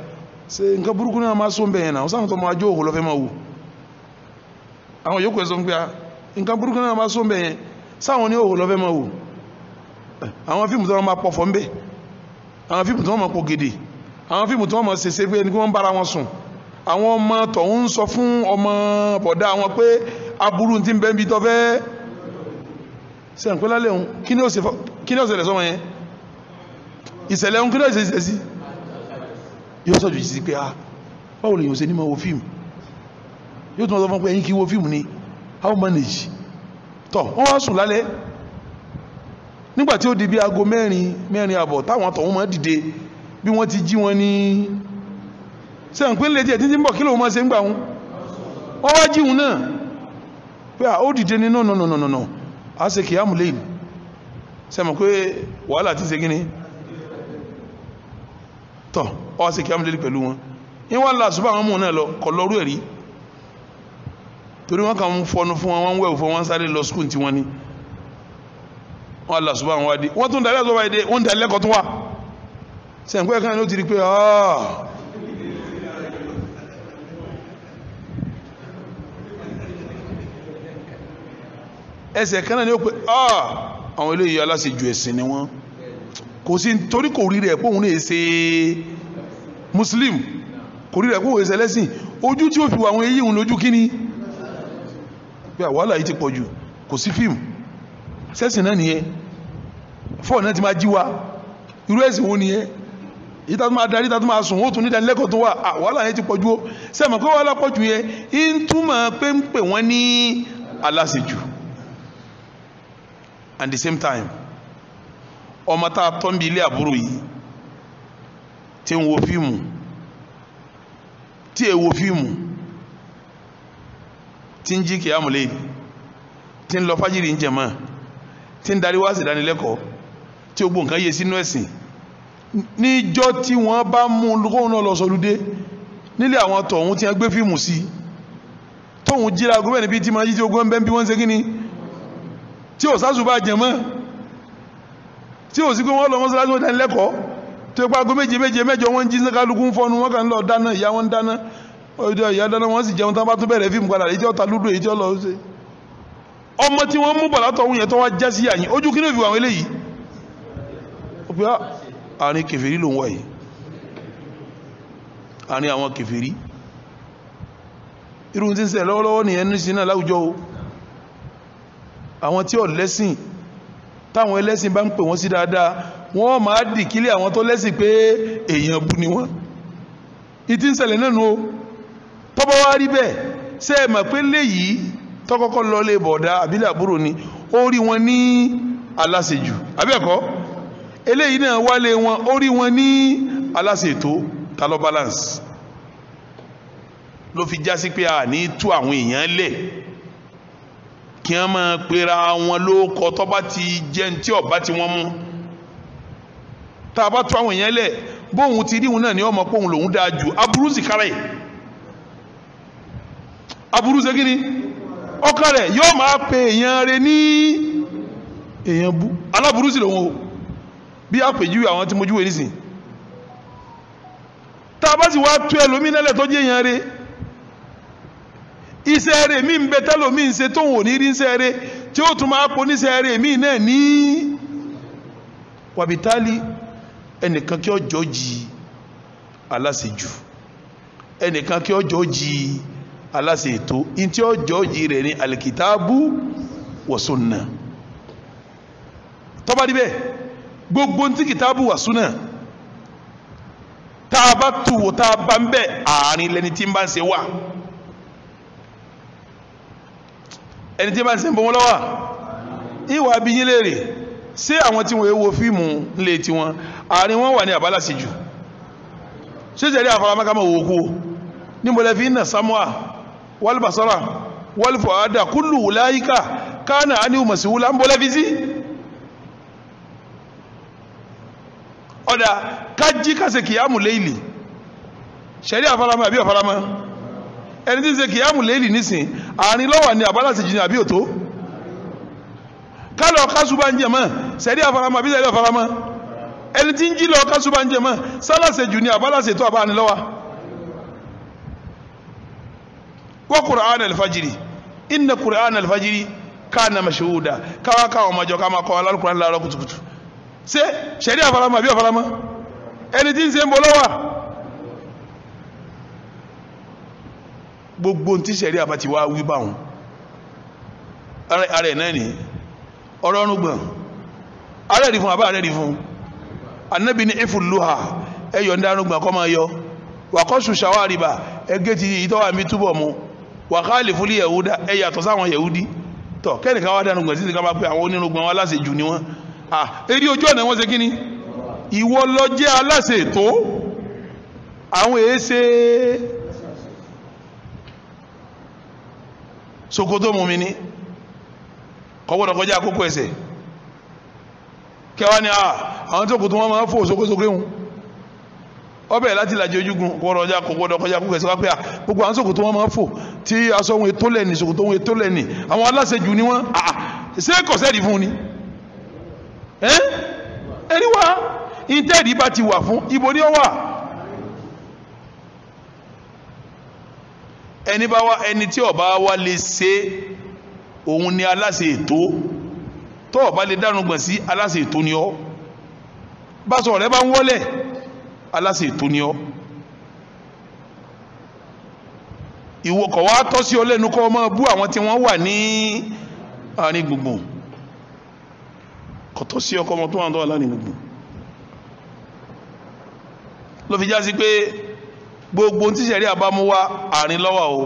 [SPEAKER 1] ṣe nǹkan burúkú náà máa sún bẹ́ẹ̀ náà sáwọn tó máa jó òhò lọ́fẹ́ máa wù àwọn yòókù ẹ̀ sọ pé à nǹkan burúkú náà máa sún bẹ́ẹ̀ sáwọn ní òhò lọ́fẹ́ máa wù àwọn fíìmù tó máa pọ̀ fọ́ ń bẹ́ẹ̀ àwọn fíìmù tí wọ́n máa pò gèdè àwọn fíìmù tí wọ́n máa ṣèṣe pé ẹni tí wọ́n ń bára wọn sùn àwọn ọmọ tọ̀hún ń sọ fún ọmọ bọ̀dá wọn pé aburú ti ń bẹ́ níbi tọ́fẹ́ sẹ́ǹpẹ́ lálẹ́ òun kí ni ó ṣẹlẹ̀ sọ́mọ yẹn ìṣẹ̀lẹ̀ òun kí ni ó ṣẹlẹ̀ sí yóò sọ̀jù sí pé ah báwo lèyìn ò ṣe ní máa wo fíìmù yóò tún wọ́n sọ fún pé ẹ̀yin kì í wo fíìmù ni how manage tọ̀ wọ́n wá sùn lálẹ́ nígbàtí ó di bí aago mẹ́rin mẹ́rin àbọ̀ táwọn tọ̀hún máa dìde bí wọ́n ti jí wọn ní sẹ́yìn pé lè jẹ́ títí ń bọ̀ kí lóun máa ṣe ń gbà wọn wọ́n wá jíun náà pé à ó dìde ní nọ̀ nọ̀ nọ̀ nọ̀ a àmúlẹ̀ ìlú sẹ́yìn pé wàhálà ti ṣe gíní tọ̀ ọ ṣe kìí àmúlẹ̀ pẹ̀lú wọn ní wọ́n la àṣùbà àwọn ọmọ náà lọ kọ̀ lọ́rú ẹ̀rí torí wọ́n kàn ń fọnu fún wọn wọ́n ń wẹ̀ fún wọn sáré lọ skul tiwọn ni wọn Allah subhanahu wa di wọn tún dalẹ́ sọ́ba yìí dé wọn dalẹ́ kọ́ tún wa sẹ́ńkú ẹ̀ka ló ti rí pé ah. ẹsẹ̀ kan náà ni O. pe ah. àwọn eléyìí aláṣejù ẹ̀sìn ni wọ́n kò sí torí kò rí rẹ̀ pé òun lè ṣe muslim kò rí rẹ̀ pé òun lè ṣe ẹlẹ́sìn ojú tí ó fi wà àwọn eyín òun lójú kíní pé àwàlà yìí ti pọ̀ jù kò sí fíìmù sẹ́sìn náà nìyẹn fọ́ọ̀ náà ti máa jí wa irú ẹ̀sìn wo nìyẹn ìta tó máa darí ìta tó máa sùn ó tún nídàá lẹ́kọ̀ọ́ tó wà wàhálà yẹn ti pọ̀jù ó sẹ́mi kó wàhálà pọ̀jù yẹn ń túmọ̀ pé ń pè wọ́n ní aláṣejù at the same time ọmọ tá a tọ́ ń ilé àbúrò yìí tí ń wo fíìmù tí è wo fíìmù tí ń jí kìámù lé tí ń lọ fájìrì ń jẹ̀mọ́ tí ń darí wá sí tí gbogbo nǹkan yé sínú ẹ̀sìn níjọ́ tí wọ́n bá mú lókòwò náà lọ sọlúdé nílé àwọn tọ̀hún tí wọ́n gbé fíìmù sí tóhun jíra agogo níbi tí máa jí tí ogun bẹ́ẹ̀ bí wọ́n ń ṣe kí ni tí ò sásù bá jẹ mọ́ tí ò sí pé wọ́n lọ wọ́n sọ́lá tí wọ́n dání lẹ́kọ̀ọ́ tó pa agogo méje méje mẹ́jọ wọ́n ń jí kálukú ń fọ́nu wọ́n kàn ń lọ dáná ìyá wọn dáná ìyá dáná wọ́n sì jẹun tán bá tún bẹ̀rẹ̀ fíìmù padà èyí tí ó ta lúdò èyí tí ó lọ ọmọ tí wọ́n mú bọ̀ látọ̀hún yẹn tó wá já sí àyín ojú kí ni òfin wà eléyìí ó fi àárín kèfèrí ló ń wà yìí àárín àwọn kèfèrí irú tí ń ṣe lọ́wọ́lọ́wọ́ nìyẹn ní sí náà láwùjọ o àwọn tí ò lẹ́sìn táwọn ẹlẹ́sìn bá ń pè wọ́n sí dáadáa wọ́n máa dì kílẹ̀ àwọn tó lẹ́sìn pé èèyàn bu ni wọ́n ìtí ń ṣẹlẹ̀ náà o tọ́bọ̀ wá rí bẹ́ẹ̀ ṣe é mọ̀ pé léyìí tọ́kọ́kọ́ lọ lè bọ̀dá àbílẹ̀ àbúrò ni ó rí wọn ní aláṣejù àbẹ́ẹ̀kọ́ eléyìí náà wálé wọn ó rí wọn ní aláṣetò ta balance ló fi jásí pé a ní tú àwọn èèyàn lẹ̀ kí wọ́n máa pera wọn ló kọ tó bá ti jẹ́ tí ọba tí wọ́n mú tá a bá tú àwọn èèyàn lẹ̀ bóun ti ríhun náà ni ọmọ pòun lòun dáa jù aburú sì kárẹ̀ aburú ṣe ni ọkàn rẹ̀ yóò máa pe èèyàn rẹ̀ ní èèyàn bú aláburú sì lòun o bí àpèjúwe àwọn tí mo júwe nísìn tá a bá sì wá tú ẹlòmíín lẹ́lẹ̀ tó jẹ́ èèyàn rẹ̀ iṣẹ́ rẹ̀ mí ń bẹ tẹ́lòmíín ń ṣe tóun ò ní rí iṣẹ́ rẹ̀ tí ó tún máa po níṣẹ́ rẹ̀ mí náà ní wàbítálí ẹnìkan kí ọjọ́ jì aláṣejù ẹnìkan kí ọjọ́ jì aláṣẹ ètò ntí ọjọ́ jì rẹ̀ ní alikitaabu wa sunna tó bá gbogbo ntí kìtàbù wà súnà tá a bá tu wò tá a bá ń bẹ àárín lẹni tí ń bá ń ṣe wà ẹni tí ń bá ń ṣe ń bọ́ wọn lọ́wọ́ ìwà abiyín léèrè ṣé àwọn tí wọ́n wo fíìmù ńlẹ̀ tiwọn àárín wọn wà ní àbálà sí jù ṣé jẹ́rí wò kú níbo lẹ́fi ń nà samoa wal basara wal fuada kullu ulaika kana ánìwò mọ̀síwúlá ń bọ́ lẹ́fi sí. ọ̀dà kájí ká ṣe kìyàmù léèlì ṣẹ̀rí àfaramọ́ àbí àfaramọ́ ẹni tí ń ṣe kìyàmù léèlì nísìn àárín lọ́wọ́ ni àbálà ti jìnnà àbí òtó kálọ̀ kásùbà ń jẹ̀mọ́ ṣẹ̀rí àfaramọ́ àbí ṣẹ̀rí àfaramọ́ ẹni tí ń jí lọ kásùbà ń jẹ̀mọ́ sálàṣẹ jù ni àbálà ṣètò àbánilọ́wà wọ́n Qur'an al-fajiri inna Qur'an al-fajiri kana mashhuda káwá káwọn ọmọ ìjọ ká máa kọ́ alákùnrin láàárọ̀ kùtùkùtù Se ṣẹ̀rí àfaramọ́ àbí àfaramọ́ ẹni tí ń ṣe ń bọ́ lọ́wọ́ gbogbo tí ṣẹ̀rí àbátí wá wí báwọn ara ẹ̀ náà ni ọ̀rọ̀ ọ̀run gbọ̀n ara ẹ̀rí fún àbá ara ẹ̀rí fún anábì ní efu luha ẹ̀yọ̀ ń dánú gbọ̀n kọ́ máa yọ wàkọ́sù ṣàwárìbà ẹgẹ́ ti ìtọ́wà mi túbọ̀ mu wàkálì fúlì yẹ̀wúdà ẹ̀yàtọ̀ sáwọn yẹ̀wúdí tọ̀ kẹ́nìkan wá dánú títí ká máa pé àwọn onírúgbọ̀n wọn aláṣejù ni wọ́n Ah, eré ojú ọ̀nà wọn ṣe kí ni ìwọ lọ jẹ́ aláṣẹ ètò àwọn èéṣe sokoto mumi ni kọ́gbọ́dọ̀ kọjá àkókò ẹsẹ̀ kẹwàá ni a àwọn tó kù tó wọn máa fò sókósókè hùn ọbẹ̀ láti làjẹ ojúgun kọ́gbọ́dọ̀ kọjá kọ́gbọ́dọ̀ kọjá àkókò ẹsẹ̀ wá pé a gbogbo àwọn sókòtò wọn máa fò tí aṣọ ohun ètò lẹ́ni sókòtò ohun ètò lẹ́ni àwọn aláṣẹ jù ni wọn ṣé kọ̀sẹ́ẹ̀dì fún ni ẹni wá intẹ́ẹ̀dì bá ti wà fún ibo ni ó wà ẹni bá wá ẹni tí ó bá wá lè ṣe òun ni aláṣẹ ètò tó ó bá lè dánú gbọ̀n sí aláṣẹ ètò ni ọ́ bá sọ ọ̀rẹ́ bá ń wọ́lẹ̀ aláṣẹ ètò ni ọ́ ìwọ kọ̀ tọ́ sí ọ lẹ́nu kọ́ ọmọ bú àwọn tí wọ́n wà ní àárín gbùngbùn kọ̀tọ̀ sí ọkọ ọmọ tó wà ń dọ́wà lánìí nìgbì ló fi já sí pé gbogbo tí sẹ̀rí àbámú wá àárín lọ́wọ́ o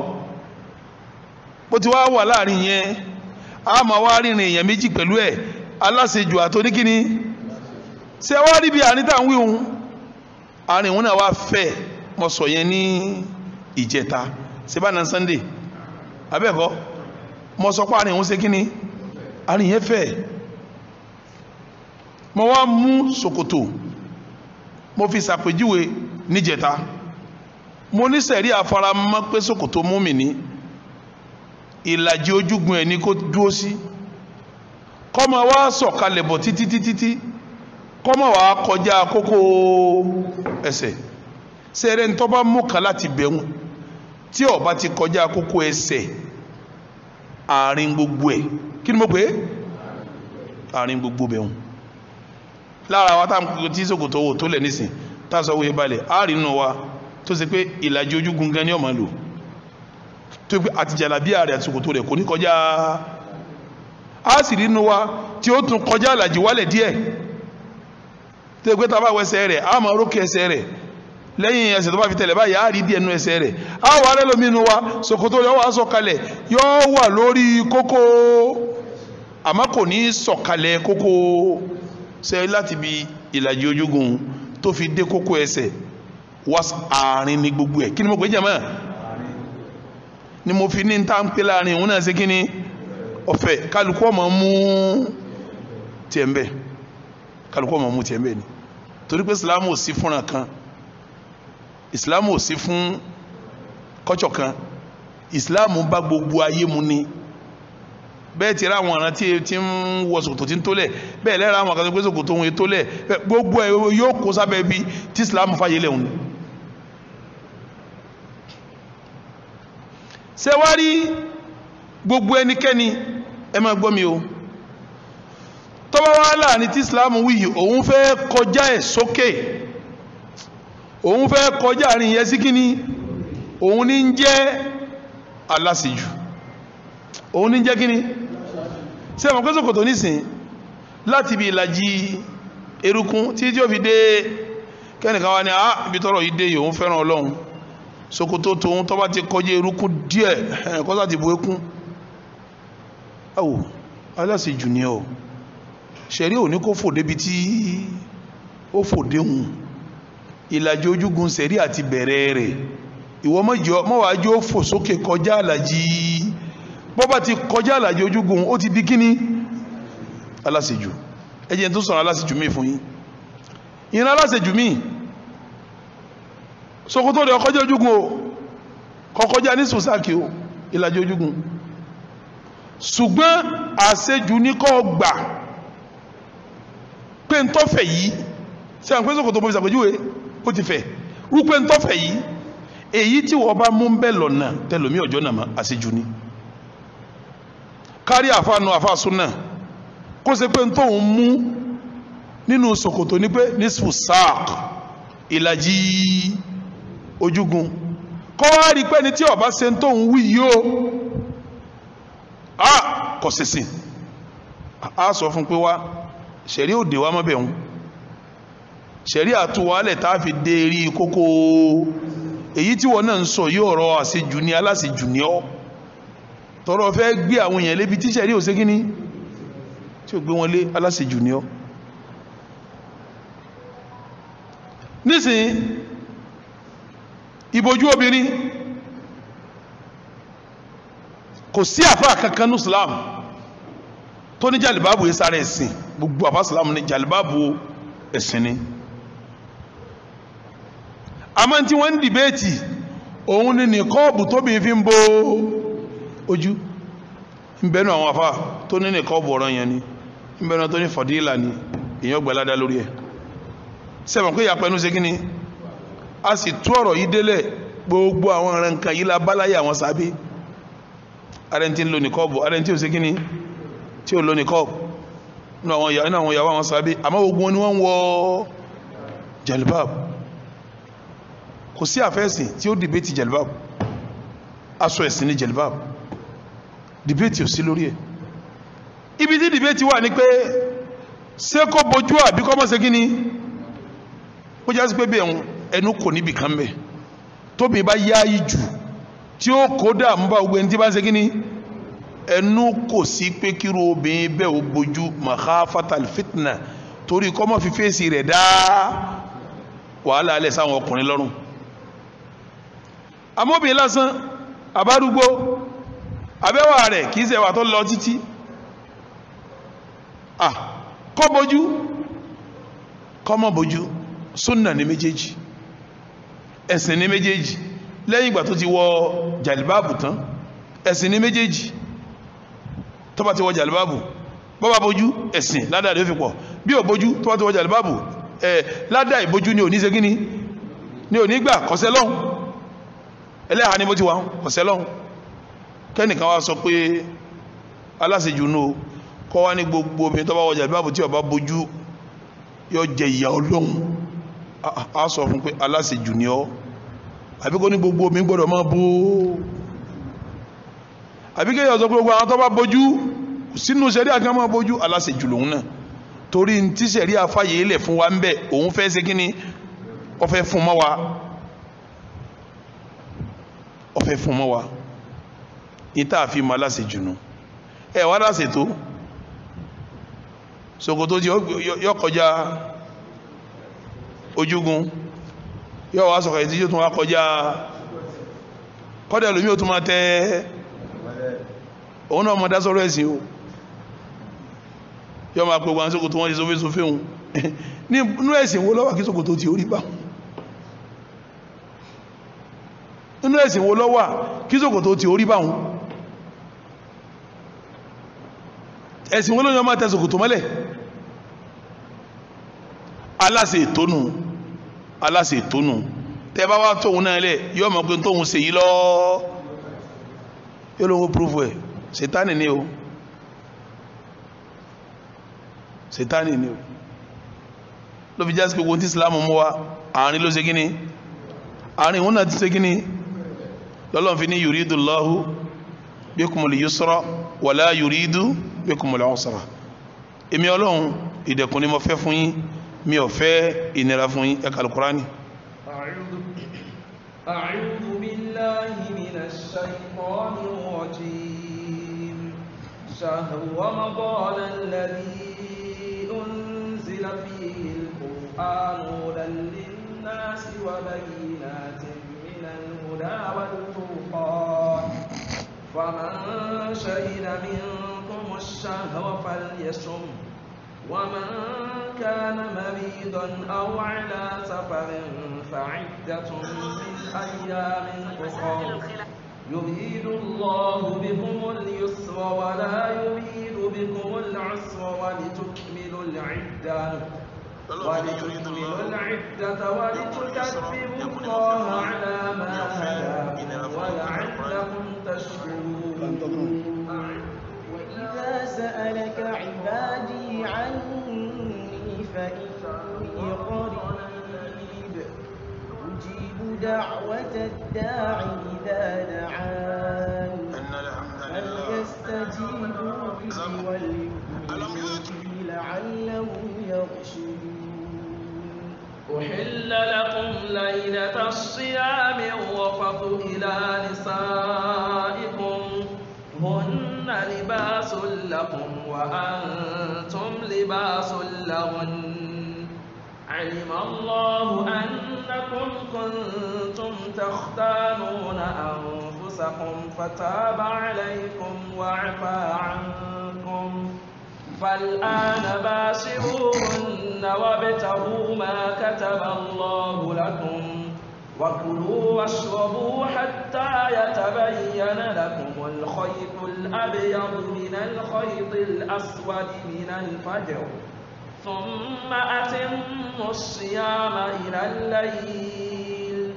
[SPEAKER 1] bó ti wá wà láàrin yẹn a máa wá rìnrìn èèyàn méjì pẹ̀lú ẹ̀ aláṣejù àtòníkíní ṣe wá rí bí àárín tá à ń wí òun àárín òun náà wá fẹ́ mo sọ yẹn ní ìjẹta ṣe Sunday abẹ́ẹ̀kọ́ mo sọ pé àárín òun ṣe kíní àárín yẹn fẹ́ẹ̀ mo wá mú ṣòkòtò mo fi ṣàpèjúwe níjẹta mo ní sẹ̀rí àfaramọ́ pé ṣòkòtò mú mi ní ìlàjì ojúgun ẹ̀ ní kó dúró sí kọ́mọ wá sọ̀kalẹ̀ bọ̀ títí títí tí kọ́mọ wá kọjá kókó ẹsẹ̀ sẹ́rẹ̀ ńtọ́ bá mú kan láti bẹ̀wọ̀n tí ó ti kọjá kókó ẹsẹ̀ àárín gbogbo ẹ̀ kí ni mo pè é àárín gbogbo bẹ̀wọ̀n lára wa tá tí sòkòtò wò tó lẹ̀ nísìn tá sọ wòye balẹ̀ àárín nù wa tó ṣe pé ìlàjì ojúgun gan ni ọmọ lò tó pé àtìjàlá bí ààrẹ àti sòkòtò rẹ̀ kò ní kọjá a sì rí nù wa tí ó tún kọjá ìlàjì wálẹ̀ díẹ̀ tó pé tá a bá wọ ẹsẹ̀ rẹ̀ a máa rókè ẹsẹ̀ rẹ̀ lẹ́yìn ẹsẹ̀ tó bá fi tẹ̀lẹ̀ báyìí àárí díẹ̀ nú ẹsẹ̀ rẹ̀ a wà rẹ̀ lómi nù wa sòkòtò rẹ̀ wà sọ̀kalẹ̀ yóò wà lórí kókó àmọ́ kò ní sọ̀kalẹ̀ kókó ṣe láti bi ìlàjì ojúgun tó fi dé kókó ẹsẹ̀ wá àárín ní gbogbo ẹ̀ kí ni mo pè jẹ́mọ́ ni mo fi ní ta ń pè láàrin òun náà ṣe kí ni ọ̀fẹ́ kálukú ọmọ mú tiẹ̀ ń bẹ̀ kálukú ọmọ mú tiẹ̀ ń bẹ̀ ni torí pé ìsìlámù ò sí fúnra kan ìsìlámù ò sí fún kọ́tsọ̀ kan ìsìlámù bá gbogbo ayé mu ni bẹ́ẹ̀ ti ra àwọn ọ̀ràn tí ti ń wọ ṣòkòtò tí ń tólẹ̀ bẹ́ẹ̀ lẹ́ra àwọn àkàtúntò pé ṣòkòtò òun tólẹ̀ gbogbo ẹ̀ yóò kó sábẹ́ bí tí Islam fàyè lẹ̀ òun. ṣé wá rí gbogbo ẹnikẹ́ni ẹ máa gbọ́ mi o tọ́wọ́ wá láàrin tí Islam wí yìí òun fẹ́ kọjá ẹ̀ sókè òun fẹ́ kọjá àárín yẹn sí kínní òun ní ń jẹ́ aláṣejù òun ní ń jẹ́ kínní ṣé àwọn kẹ́sọ̀ kòtò nísìn láti ibi ìlàjì erukun tí tí ó fi dé kẹ́nìkan wá ní a ah, ibi tọrọ yìí dé yòówù fẹ́ràn ọlọ́run ṣòkòtò tòun tó bá ti kọjá erukun díẹ̀ kọ́sà ti bu ekun awò aláṣejù ni ọ ṣẹ̀rí òní kó fò débi tí ó fò déhùn ìlàjì ojúgun ṣẹ̀rí àti bẹ̀rẹ̀ rẹ̀ ìwọ mọ̀wájú ó fò sókè kọjá àlàjì bọ́bá ti kọjá àlàjì ojúgun ó ti di kíní aláṣejù ẹjẹ́ tó sọ̀rọ̀ aláṣejù mí fún yín ìran aláṣejù mí sokoto rẹ̀ ọkọjá ojúgun o kọkọjá ní sòsáàkì o ìlàjì ojúgun ṣùgbọ́n àṣejù ní kọ́ gbà pé ń tọ́fẹ̀ yìí ṣe àwọn pẹ́sọ̀ kò tó mọ́ ìṣàpèjúwe ó ti fẹ̀ rú pé ń tọ́fẹ̀ yìí èyí tí wọ́n bá mú ń lọ́nà tẹlomi ọjọ́ nàmọ́ àṣejù ni kárí àfàànù àfàsúnà kó ṣe pé tóun mú nínú ṣòkòtò ní pé nisfu saak ìlàjì ojúgun kọ́ wá rí pé ní tí ọba ṣe tóun wí yóò a kò sèse a sọ fún pé wá ṣẹ̀rí òde wa mọ́bẹ̀ ń ṣẹ̀rí àtúwálẹ̀ tá a fi dé rí kókó èyí tí wọn náà ń sọ yóò rọ àṣejù ní aláṣejù ní ọ́ tọrọ fẹ́ gbé àwọn èèyàn lébi tíṣẹ̀ rí òsé kíní tí ò gbé wọn lé aláṣejù ní ọ nísìn ìbojú obìnrin kò sí àfáà kankan ní Islam tó ní jàlìbáàbù yìí ẹ̀sìn gbogbo àfáà Islam ní jàlìbáàbù ẹ̀sìn ni àmọ́ tí wọ́n ń dìbẹ́ẹ̀tì òun ni nìkọ́ọ̀bù tóbi fi ń bóó ojú ìbẹ̀nu àwọn afá tó ní nìkan bọ̀rọ̀ yẹn ni ìbẹ̀nu tó ní fọ̀dílà ni èèyàn gbà ládá lórí ẹ̀ sẹ́wọ̀n pé ìyàpẹ̀nu ṣe kíni a sì tú ọ̀rọ̀ yìí délẹ̀ gbogbo àwọn ọ̀rẹ́ nǹkan yìí la báláyé àwọn sábẹ́ arẹ́ntì ń lo nìkan bọ̀ arẹ́ntì ò ṣe kíni tí ò lo nìkan nínú àwọn ìyàwó àwọn sábẹ́ àmọ́ gbogbo wọn ni wọ́n ń wọ jalbab kò sí àfẹ́sìn tí ó dìbẹ́ ti jalbab aṣọ ẹ̀sìn ni jalbab dìbẹ́tì ò sí lórí ẹ̀ ibi tí dìbẹ́tì wà ní pé ṣé kó bojú àbí kó mọ́ kí ni ó jẹ́ sí pé bí ẹnu kò níbi kan bẹ̀ tóbi bá yáyí jù tí ó kó dààmú bá gbogbo ẹni tí bá ń ṣe kí ni ẹnu kò sí pé kíru obìnrin bẹ́ẹ̀ ó bojú maha fatal fitna torí kó mọ́ fi fèsì rẹ̀ dá wàhálà alẹ́ sáwọn ọkùnrin lọ́rùn amóbìnrin lásán àbádúgbò abẹ́wà rẹ̀ kìí ṣẹ̀wà tó lọ títí ah kọ́ bojú kọ́mọ́ bojú súnà ní méjèèjì ẹ̀sìn ní méjèèjì lẹ́yìn ìgbà tó ti wọ jàlìbáàbù tán ẹ̀sìn ní méjèèjì tó bá ti wọ jàlìbáàbù bó bá bojú ẹ̀sìn ládàá ló fi pọ̀ bí ò bojú tó bá ti wọ jàlìbáàbù ẹ̀ ládàá ìbojú ni ò ní ṣe ni ò ní gbà kọ́sẹ́ lọ́hùn ẹlẹ́hàá ni mo ti wà kọ́sẹ́ kẹ́nìkan wá sọ pé aláṣejù nù kọ́ wá ní gbogbo obìnrin tó bá wọ jàlbáàbù tí ó bá bojú yọ jẹ ìyà ọlọ́run a sọ fún pé aláṣejù ni ọ́ àbí kó ní gbogbo obìnrin gbọ́dọ̀ máa bó àbí kéèyàn sọ pé gbogbo àwọn tó bá bojú sínú sẹ́rí àkàn máa bojú aláṣejù lòun náà torí tí sẹ́rí àfàyè ilẹ̀ fún wa ń bẹ̀ òun fẹ́ ṣe kíni ó fẹ́ fún mọ́ wa ó fẹ́ fún mọ́ wa ìta àfi ma láti jùnú ẹ wá láti tó ṣòkòtò tí yọ kọjá ojúgun yọ wá sọ̀kọ̀ ìtí yóò tún wá kọjá kọ́dẹ̀ lómi ò tún máa tẹ́ òun náà mọ̀ dá sọ̀rọ̀ ẹ̀sìn o yọ máa pẹ̀gbọ́n ṣòkòtò wọn ti sófé sófé hun nínú ẹ̀sìn wo lọ́wọ́ kí ṣòkòtò tí ó bá nínú ẹ̀sìn wo lọ́wọ́ kí ṣòkòtò tí ó bá hun ẹ̀sìn wọn lóyún ọmọ tẹ̀sùkù tó mọ́lẹ̀ aláṣẹ ìtónù aláṣẹ ìtónù tẹ́ bá wá tóun náà lẹ̀ yóò mọ̀ pé tóun ṣèyí lọ yóò lóun púrúfù ẹ̀ ṣètánì ni o ṣètánì ni o ló fi jásí gbogbo tí Islam mú wa àárín ló ṣe gíní àárín òun náà ti ṣe gíní lọ́lọ́n fi ní yuridu Allahu bikumul yusra wala yuridu bikumul usra èmi ọlọ́run ìdẹ̀kùn ni mo fẹ́ fún yín mi ò fẹ́ ìnira fún yín ẹ̀ka alukurani.
[SPEAKER 2] أعوذ بالله من الشيطان الرجيم شهر رمضان الذي أنزل فيه القرآن هدى للناس وبينات من الهدى والفرقان فمن شهد منكم الشهر فليصم ومن كان مريضا أو على سفر فعدة من أيام أخر يريد الله بكم اليسر ولا يريد بكم العسر ولتكملوا العدة ولتكملوا العدة ولتكبروا الله على ما هداكم ولعلكم تشكرون
[SPEAKER 3] سألك عبادي عني فإني قريب أجيب دعوة الداع إذا دعان فليستجيبوا لي وليؤمنوا بي لعلهم يرشدون
[SPEAKER 2] أحل لكم ليلة الصيام الرفث إلى نسائكم هن لباس لكم وأنتم لباس لهن علم الله أنكم كنتم تختانون أنفسكم فتاب عليكم وعفى عنكم فالآن باشروهن وابتغوا ما كتب الله لكم وكلوا واشربوا حتى يتبين لكم الخيط الأبيض من الخيط الأسود من الفجر ثم أتموا الصيام إلى الليل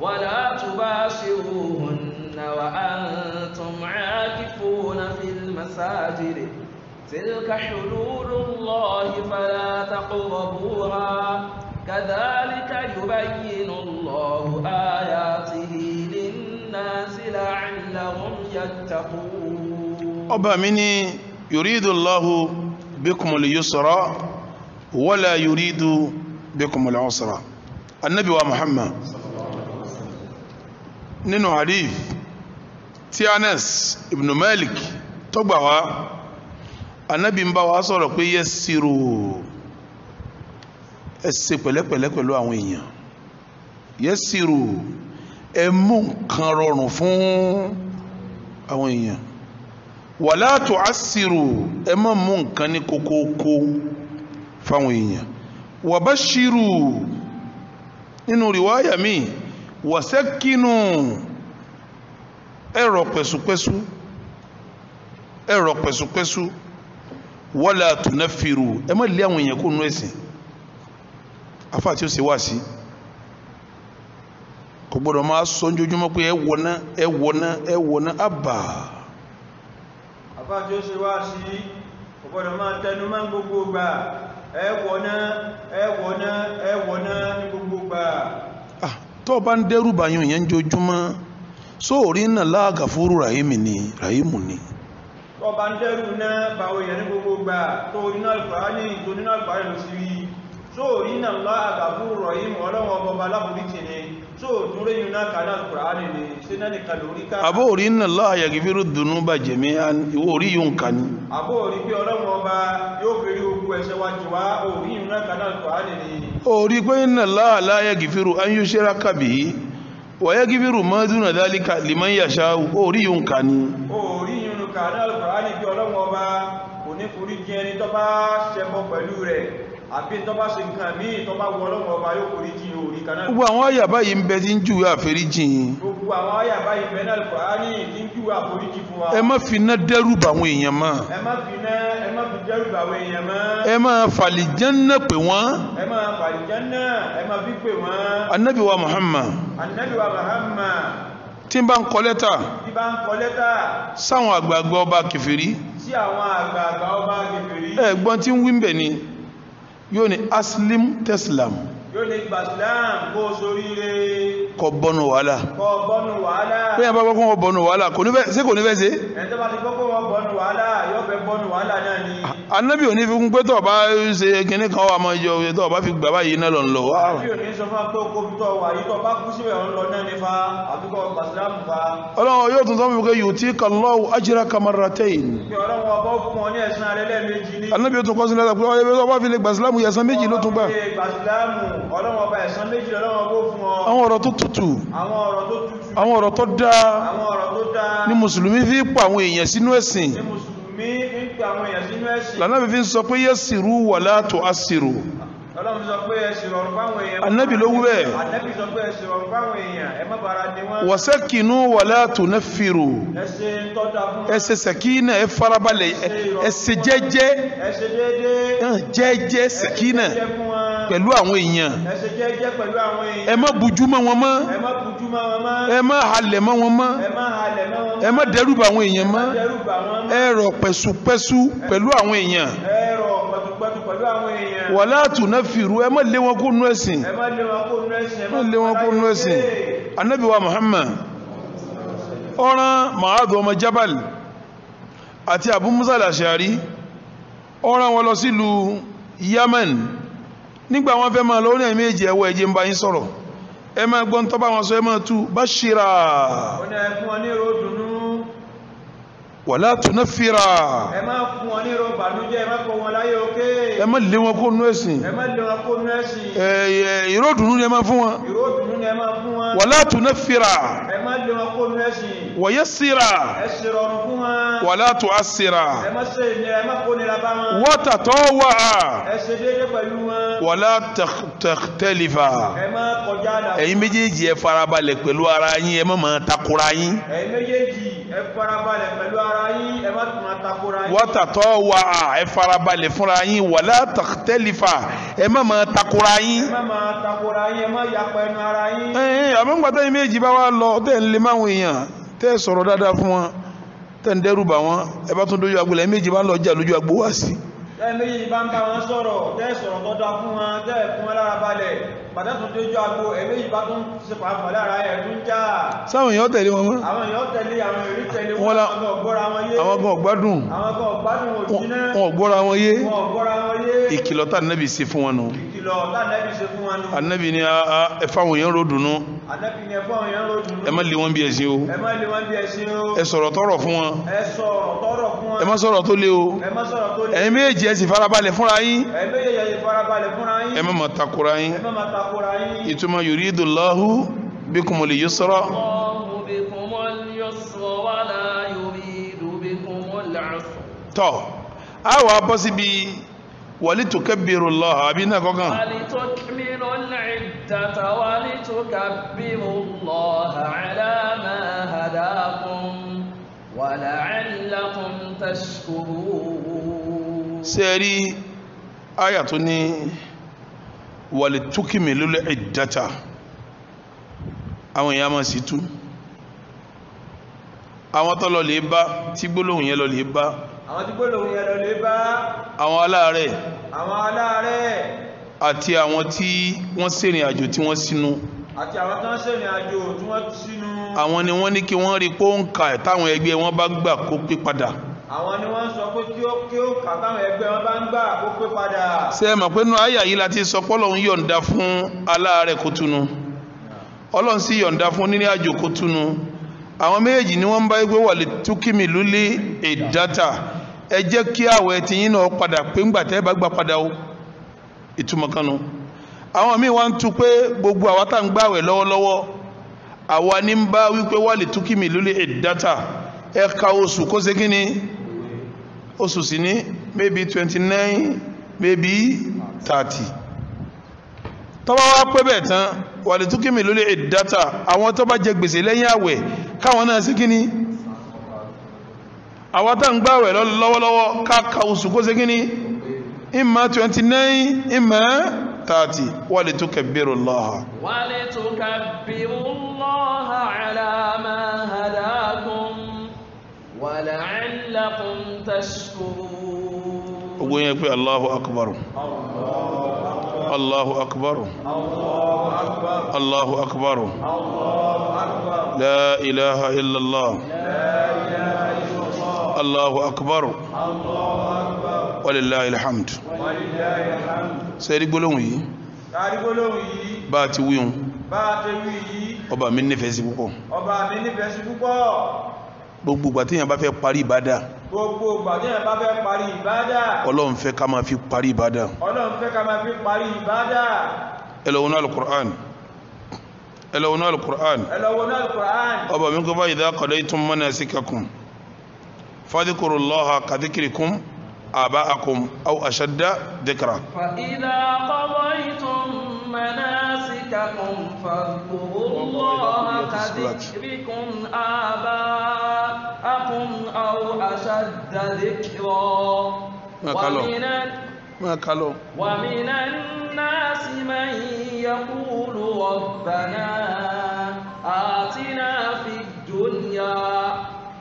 [SPEAKER 2] ولا تباشروهن وأنتم عاكفون في المساجد تلك حلول الله فلا تقربوها كذلك يبين الله آياته للناس لعلهم يتقون
[SPEAKER 1] أبا مني يريد الله بكم اليسر ولا يريد بكم العسر النبي ومحمد nínú hadith tí Anas ibn Malik tó gbà wá anábì ń bá wa sọ̀rọ̀ pé yẹ́sìrò ẹ ṣe pẹ̀lẹ́pẹ̀lẹ́ pẹ̀lú àwọn èèyàn yẹ́sìrù ẹ mú nǹkan rọrùn fún àwọn èèyàn wàlá tu'assiru ẹ má mú nǹkan ní kókókó fáwọn èèyàn wàbáṣirù nínú rìwáyà mi wàṣẹ́kínú ẹ rọ̀ pẹ̀sùpẹ̀sù ẹ rọ̀ pẹ̀sùpẹ̀sù wàlá tunafiru ẹ má lé àwọn èèyàn kó nú ẹ̀sìn afa tí ó ṣe wá sí kò gbọdọ̀ máa sọ ojoojúmọ́ pé ẹ wọná ẹ àbà.
[SPEAKER 4] afa tí ó ṣe wá sí kò gbọdọ̀ máa tẹnu máa ń gbogbo gbà ẹ wọná ẹ wọná ẹ wọná ní gbogbo gbà.
[SPEAKER 1] tó o bá ń dẹ́rù bàyàn yẹn ojoojúmọ́ sóòrí náà láàgà fúru ràhìmù ni ràhìmù ni
[SPEAKER 4] ọba ń dẹ́rù náà báwo yẹn ní gbogbo gbà tó nínú àlùfáà ní ìtò nínú lọ sí rí so inna Allaha ghafurur rahim ọlọ́wọ́ ọba aláboríjì ni so dúró yìí náà kanáà kùránì ni ṣe náà ni kàlórí Ori
[SPEAKER 1] àbóòrí inna Allaha yaghfiru dhunuba jami'an ìwò orí yóò ń kà ní
[SPEAKER 4] àbóòrí pé ọlọ́wọ́ ọba yóò fèrè ogun ẹ̀ṣẹ̀ wa jù wá
[SPEAKER 1] orí yìí ni orí pé inna Allaha la yaghfiru an yushraka bihi wa yaghfiru ma duna dhalika liman yasha'u ori yóò ń kà ní orí yìí náà kanáà kùránì pé
[SPEAKER 4] ọlọ́wọ́ ọba kò ní forí jẹ́ ẹni tó àbí tó bá ṣe nǹkan míì tó bá wọ ọlọ́run ọba yóò forí jìn
[SPEAKER 1] orí kanáà. gbogbo àwọn àyà báyìí ń bẹ tí ń jù àforíjìn. gbogbo àwọn wa. ẹ má fi iná dẹ́rù àwọn èèyàn mọ́. ẹ má fi iná ẹ má pè wọ́n. ẹ má wa Muhammad. anabi wa Muhammad. tí n bá ń kọ lẹ́tà. tí n bá ń kọ lẹ́tà. sáwọn àgbààgbà ọba kèfèrí. sí tí ń wí ń bẹ̀ ni yóò ní aslim teslam yóò lè gbà islam kó sórí rẹ̀ kọ bọ́nu wàhálà kọ bọ́nu wàhálà pé yàn bá gbọ́kún wọ bọ́nu wàhálà kò nífẹ́ sí kò nífẹ́ sí ẹ̀tọ́ bá ti gbọ́kún wọ bọ́nu wàhálà yóò fẹ́ bọ́nu wàhálà náà ni anábì ah, ò ní fi kún pé tọ́ bá ṣe kinní kan wà máa yọ tọ́ bá fi gbà báyìí náà lọ ń lọ ọlọ́run yóò tún sọ́mọ́ wípé yóò tí kàlọ́wù ajíra kamara tẹ́yìn anábì ó tún kọ́ sí lẹ́sà pé ọyẹ́ bí wọ́n bá fi lè tún gbà
[SPEAKER 4] ọlọ́wọ́ bá ẹ̀san
[SPEAKER 1] méjì ọlọ́wọ́ bó fún ọ àwọn ọ̀rọ̀ tó tútù àwọn ọ̀rọ̀ tó tútù àwọn ọ̀rọ̀ tó ni mùsùlùmí fi ń àwọn èèyàn sínú ẹ̀sìn ni mùsùlùmí ń pa àwọn èèyàn sínú ẹ̀sìn lànà fi ń sọ pé yẹ́sìrú wà látò àsìrò Ọlọ́run sọ pé ẹ ṣèrọ̀rùn fáwọn èèyàn. Ànábì ló wú bẹ́ẹ̀. Ànábì sọ pé ẹ ṣèrọ̀rùn fáwọn èèyàn, ẹ má bara ni wọ́n. Wasakinu wala tunaffiru. Ẹ ṣe tọ́da fún. Ẹ ṣe sẹ̀kínà, ẹ farabalẹ̀, ẹ ṣe jẹ́jẹ́.
[SPEAKER 4] Ẹ ṣe déédéé.
[SPEAKER 1] Jẹ́jẹ́ sẹ̀kínà pẹ̀lú àwọn èèyàn. Ẹ ṣe jẹ́jẹ́ pẹ̀lú àwọn èèyàn. Ẹ má bujú mọ́ wọn mọ́. Ẹ má bujú mọ́ wọn mọ́. Ẹ má halẹ̀ mọ́ wọn mọ́. Ẹ má halẹ̀ mọ́ wọn mọ́. Ẹ má dẹ́rù bà àwọn èèyàn mọ́. Ẹ má dẹ́rù bà àwọn mọ́. Ẹ rọ̀ pẹ̀sùpẹ̀sù pẹ̀lú àwọn èèyàn. Ẹ rọ̀ pẹ̀sùpẹ̀sù pẹ̀lú àwọn èèyàn fìrú ẹ má lé wọn kó nú ẹ̀sìn ẹ má lé wọn kó nú ẹ̀sìn Ànábì wa Muhammad ọ̀ràn Ma'adh ọmọ Jabal àti Abu Musa al-Ash'ari ọ̀ràn wọn lọ sílùú Yemen nígbà wọn fẹ́ máa lọ ní ẹ̀mí èjì ẹ̀wọ̀ ẹ̀jẹ̀ ń bá yín sọ̀rọ̀ ẹ máa gbọ́n bá wọn sọ ẹ máa tú bashira. ó ní ẹkún ọ ní ròdùnú. Wala tunafira. fira.
[SPEAKER 4] ẹ má fún wọn ní rọba nújẹ ẹ má fọ wọn láyé
[SPEAKER 1] òkè. ẹ má lé wọn kó nú ẹsìn. ẹ má lé wọn kó nú ẹsìn. ẹ ìró dùnú ni ẹ má fún wọn. ìró dùnú ni ẹ má fún wọn. wàlá tuna ẹ
[SPEAKER 4] má lé wọn kó nú ẹsìn wọ̀yẹ́sìrà
[SPEAKER 1] wàlá tó a sìrà wọ́tà tó wà á wàlá tẹ̀lifà ẹ̀yin méjèèjì ẹ farabalẹ̀ pẹ̀lú ara yín ẹ má máa takora yín wọ́tà tó wà á ẹ farabalẹ̀ fúnra yín wàlá tẹ̀lifà ẹ má máa takora yín ẹ àmọ́ ń gbàtà yín méjì bá wà lọ tẹ̀ ń lè máwọn èèyàn tẹ́ sọ̀rọ̀ dáadáa fún wọn tẹ́ ń dẹ́rù bà wọn ẹ bá tún dójú agbo lẹ́yìn méjì bá ń lọ jà lójú agbo wá sí.
[SPEAKER 4] lẹ́yìn méjì bá ń bá wọn sọ̀rọ̀ tẹ́ sọ̀rọ̀ tó dáa fún wọn tẹ́ fún wọn lára balẹ̀ bàtà tún dójú agbo ẹ méjì bá tún ṣe pàápàá lára ẹ̀ tún já.
[SPEAKER 1] sáwọn èèyàn tẹ̀lé wọn mọ́. àwọn èèyàn
[SPEAKER 4] tẹ̀lé àwọn èrí
[SPEAKER 1] tẹ̀lé wọn àwọn ọ̀gbọ́ra wọn yé. àwọn kan ọ̀gbádùn. àwọn kan ọ̀gbádùn òjì náà. wọn ọ̀gbọ́ra wọn yé. wọn ọ̀gbọ́ra wọn yé. ìkìlọ̀ anabi ah, ah, ni ẹ fáwọn èèyàn ro dùnú ẹ má lé wọn bí ẹ̀sìn
[SPEAKER 4] o
[SPEAKER 1] ẹ sọ̀rọ̀ tọ̀rọ̀ fún wọn ẹ má sọ̀rọ̀ tó lé o ẹ̀yin méjì ẹ sì farabalẹ̀ fúnra yín ẹ má má takora yín ìtumọ̀ yuridullahu bikumul yusra. tọ́ a wà bọ́
[SPEAKER 2] síbi
[SPEAKER 1] wàlí tó kẹ́bìrò lọ àbí náà kọ́kàn.
[SPEAKER 2] wàlí tó kẹ́bìrò lẹ́ẹ̀dàtà wàlí tó kẹ́bìrò lọ àlámà àdákùn wàlàálàkùn tàṣkòrò.
[SPEAKER 1] ṣe rí àyà tó ní wàlí tó kẹ́bìrò lẹ́ẹ̀dàtà àwọn èèyàn máa sì tú àwọn tó lè bá tí gbólóhùn yẹn lọ lè bá àwọn tí gbọ́dọ̀ òun yẹ̀rọ lè bá àwọn aláàrẹ̀ àti àwọn tí wọ́n ṣèrìn àjò tí wọ́n sínú àwọn ni wọ́n ní kí wọ́n rí pọ́ǹkà táwọn ẹgbẹ́ wọn bá gbà kó pé padà àwọn ni wọ́n sọ pé kí ó kí ó kà táwọn ẹgbẹ́ wọn bá ń gbà kó pé padà. ṣé ẹ mọ̀ pé nínú àyà yìí la ti sọ pé ọlọ́run yọ̀ǹda fún aláàárẹ̀ kó túnu ọlọ́run sì yọ̀ǹda fún nílé àjò kó túnu àwọn méjèèjì ni wọ́n ń bá ẹgbẹ́ wà lè túkìmí lólé èdátà. E ẹ jẹ́ kí àwẹ̀ tí yín náà padà pé ńgbà tẹ́ bá gbà padà o ìtumọ̀ kan nu àwọn míì wá ń tu pé gbogbo àwa tá à ń gbà àwẹ̀ lọ́wọ́lọ́wọ́ àwa ní ń bá wípé wà lè túkì mí lólè ìdátà ẹ ka oṣù kó ṣe kíni oṣù sì ní maybe twenty nine maybe thirty tọ́ba wá pé bẹ́ẹ̀ tán wà lè túkì mí lólè ìdátà àwọn tó bá jẹ gbèsè lẹ́yìn àwẹ̀ káwọn náà ṣe kíni àwọn tá ń gbàwẹ̀ lọ́wọ́lọ́wọ́ káàkà oṣù kó ṣe kíní ìmọ̀ 29 ìmọ̀ 30 wàlẹ̀ tó kẹbìrù lọ́ha
[SPEAKER 2] wàlẹ̀ tó kẹbìrù lọ́ha àlàmà àdákùn wàlẹ̀ ogun
[SPEAKER 1] yẹn pé Allahu akbar Allahu akbar Allahu akbar La ilaha illallah. La الله أكبر. Allahu akbar. Walillahi alhamd. Walillahi alhamd. Ṣé rí gbólóhùn yìí?
[SPEAKER 4] Rí gbólóhùn yìí.
[SPEAKER 1] Bá a ti wíhun.
[SPEAKER 4] Bá a ti wí
[SPEAKER 1] yìí. Ọba mi nífẹ̀ẹ́ sí púpọ̀.
[SPEAKER 4] Ọba mi nífẹ̀ẹ́ sí púpọ̀.
[SPEAKER 1] Gbogbo ìgbà téèyàn bá fẹ́ parí ìbádà.
[SPEAKER 4] Gbogbo ìgbà téèyàn bá fẹ́ parí ìbádà.
[SPEAKER 1] Ọlọ́run fẹ́ ká máa fi parí ìbádà. Ọlọ́run fẹ́ ká ألونا القرآن ألونا القرآن أبا من قبل إذا قضيتم مناسككم فاذكروا الله كذكركم آباءكم أو أشد ذكرا فإذا قضيتم
[SPEAKER 2] مناسككم فاذكروا الله كذكركم آباءكم أو أشد ذكرا ومن
[SPEAKER 1] máa kà lọ. wa
[SPEAKER 2] minan nasi man yaqulu rabbana atina fid dunya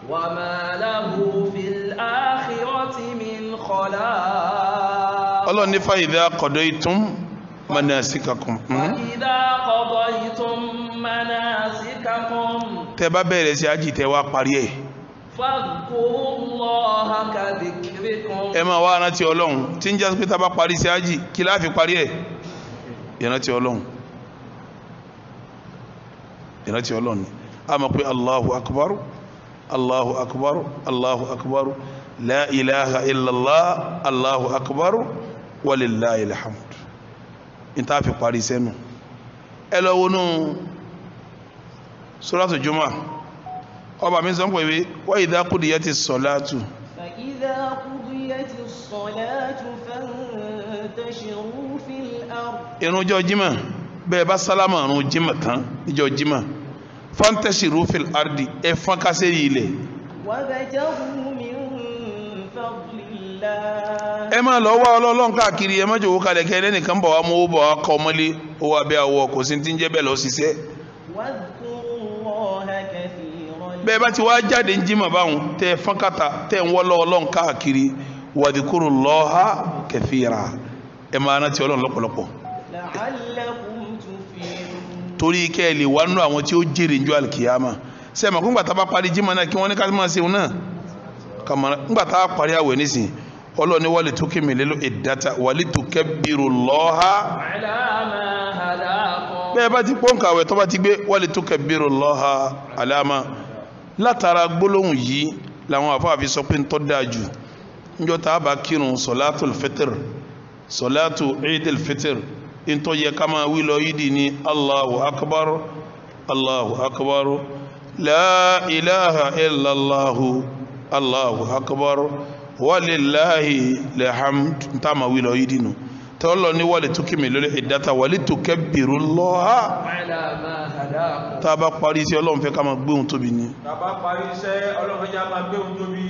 [SPEAKER 2] wa ma lahu fil
[SPEAKER 1] akhirati min khalaq. ọlọ́ni fa idha qadaytum manasikakum. fa idha
[SPEAKER 2] qadaytum
[SPEAKER 1] manasikakum. tẹ́ bá bẹ̀rẹ̀ sí àjì tẹ́ wá parí ẹ̀ ẹ máa wá rántí ọlọ́run tí ń jásí pé tá bá parí sí ájì kí láàfi parí ẹ̀ ìrántí ọlọ́run ìrántí ọlọ́run ni a mọ̀ pé Allahu akbar Allahu akbar Allahu akbar la ilaha illallah Allahu akbar walillahi alhamd in parí sẹ́nu ẹ lọ wọnú suratu Jumu'ah ọba mi sọ pé wọ́n ìdá kùdìyà ti sọ láàtù.
[SPEAKER 3] فإذا قضيت الصلاة فانتشروا في الأرض.
[SPEAKER 1] irun jọ jimá bẹ́ẹ̀ bá sálámà irun jimá tán níjọ jimá فانتشروا في الأرض ẹ fọ́n kásẹ̀ yìí lẹ̀.
[SPEAKER 3] وابتغوا من فضل ẹ máa
[SPEAKER 1] lọ wá ọlọ́ọ̀lọ́n káàkiri ẹ má jòwó kalẹ̀ kẹ́ ẹ lẹ́nìkan bọ̀ wá mọ́ bọ̀ wá kọ́ ọmọlé ó wà àwọ̀ kò sí ti ń jẹ́ bẹ́ẹ̀ lọ ṣiṣẹ́ bẹ́ẹ̀ bá ti wá jáde ń jimá báwọn tẹ fọ́nkàtà tẹ ń wọ́lọ́ ọlọ́run káàkiri wàdìkúrò lọ́ha kẹfìrà ẹ máa rántí ọlọ́run lọ́pọ̀lọpọ̀. torí kẹ́ ẹ lè wá nínú àwọn tí ó jèrè ń jọ àlìkìyàmà sẹ́mi àkókò gbàtà bá parí jimá náà kí wọ́n ní ká máa ṣeun náà kàmárà ńgbàtà parí àwẹ̀ nísìn ọlọ́ni wàlẹ̀ tó kémi lélọ́ ìdáta wàlẹ̀ tó kẹ́bìrù lọ́ha bẹ́ẹ̀ bá ti pọ́nkà àwẹ̀ tó bá ti gbé wàlẹ̀ tó kẹ́bìrù lọ́ha aláàmà látara gbólóhùn yìí làwọn àfáàfi sọ pé ń tọ́ dáa jù níjọ́ tá a bá kírun sọ̀látù fẹ́tẹ̀r sọ̀látù ẹ̀ẹ́dẹ̀l fẹ́tẹ̀r ń tọ́ yẹ ká máa wí lọ yìí dì ní Allahu akbar Allahu akbar la ilaha Allahu akbar walillahi lẹ́hàm tá a máa wí lọ yìí dì nù. No tọ́lọ ní wà lè tún kí mi lórí ìdáta wà lè tún kẹ́bìrú lọ́ha tàbá parí iṣẹ́ ọlọ́run fẹ́ ká máa gbéhùn tóbi ni
[SPEAKER 4] tàbá parí iṣẹ́ ọlọ́run fẹ́ ká máa gbéhùn tóbi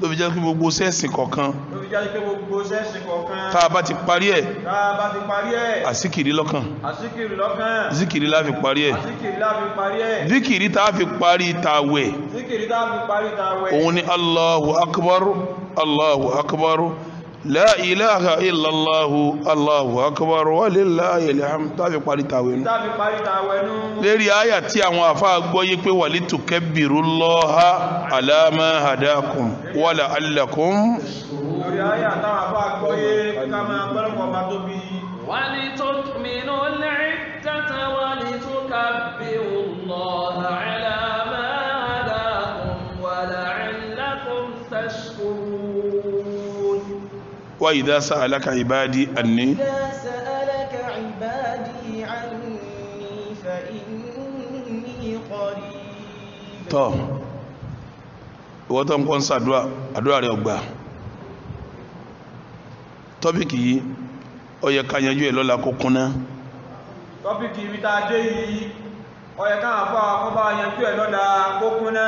[SPEAKER 1] ló fi jẹ́ pé gbogbo sẹ́ẹ̀sì kọ̀ọ̀kan tàbá ti parí ẹ̀ àsíkìrí lọ́kàn
[SPEAKER 4] zíkìrí láfi parí ẹ̀
[SPEAKER 1] zíkìrí tá a fi parí tàwẹ̀ òun ni Allahu akbar Allahu akbar la ilaha illallahu allahu akbar walillahi alhamd táfi parí tàwẹ̀nú lérí àyà tí àwọn àfa gbọ́yé pé walitukabbirullaha ala ma hadakum wala allakum lórí àyà táwọn àfa gbọ́yé
[SPEAKER 2] ká máa gbọ́lọ́pọ̀ ọba tóbi ولتكملوا العدة ولتكبروا الله على
[SPEAKER 1] wa idha sa'alaka ibadi anni tọ́ ìwọ́n tó ń kọ́ ń sàdúrà àdúrà rẹ̀ ọgbà tọ́bíkì yìí ó yẹ ká yanjú ẹ̀ lọ́la kó kúnná
[SPEAKER 4] tọ́bíkì ibi tá a yìí ó yẹ ká àfọ́ àkọ́bá yanjú ẹ̀ lọ́la kó kúnná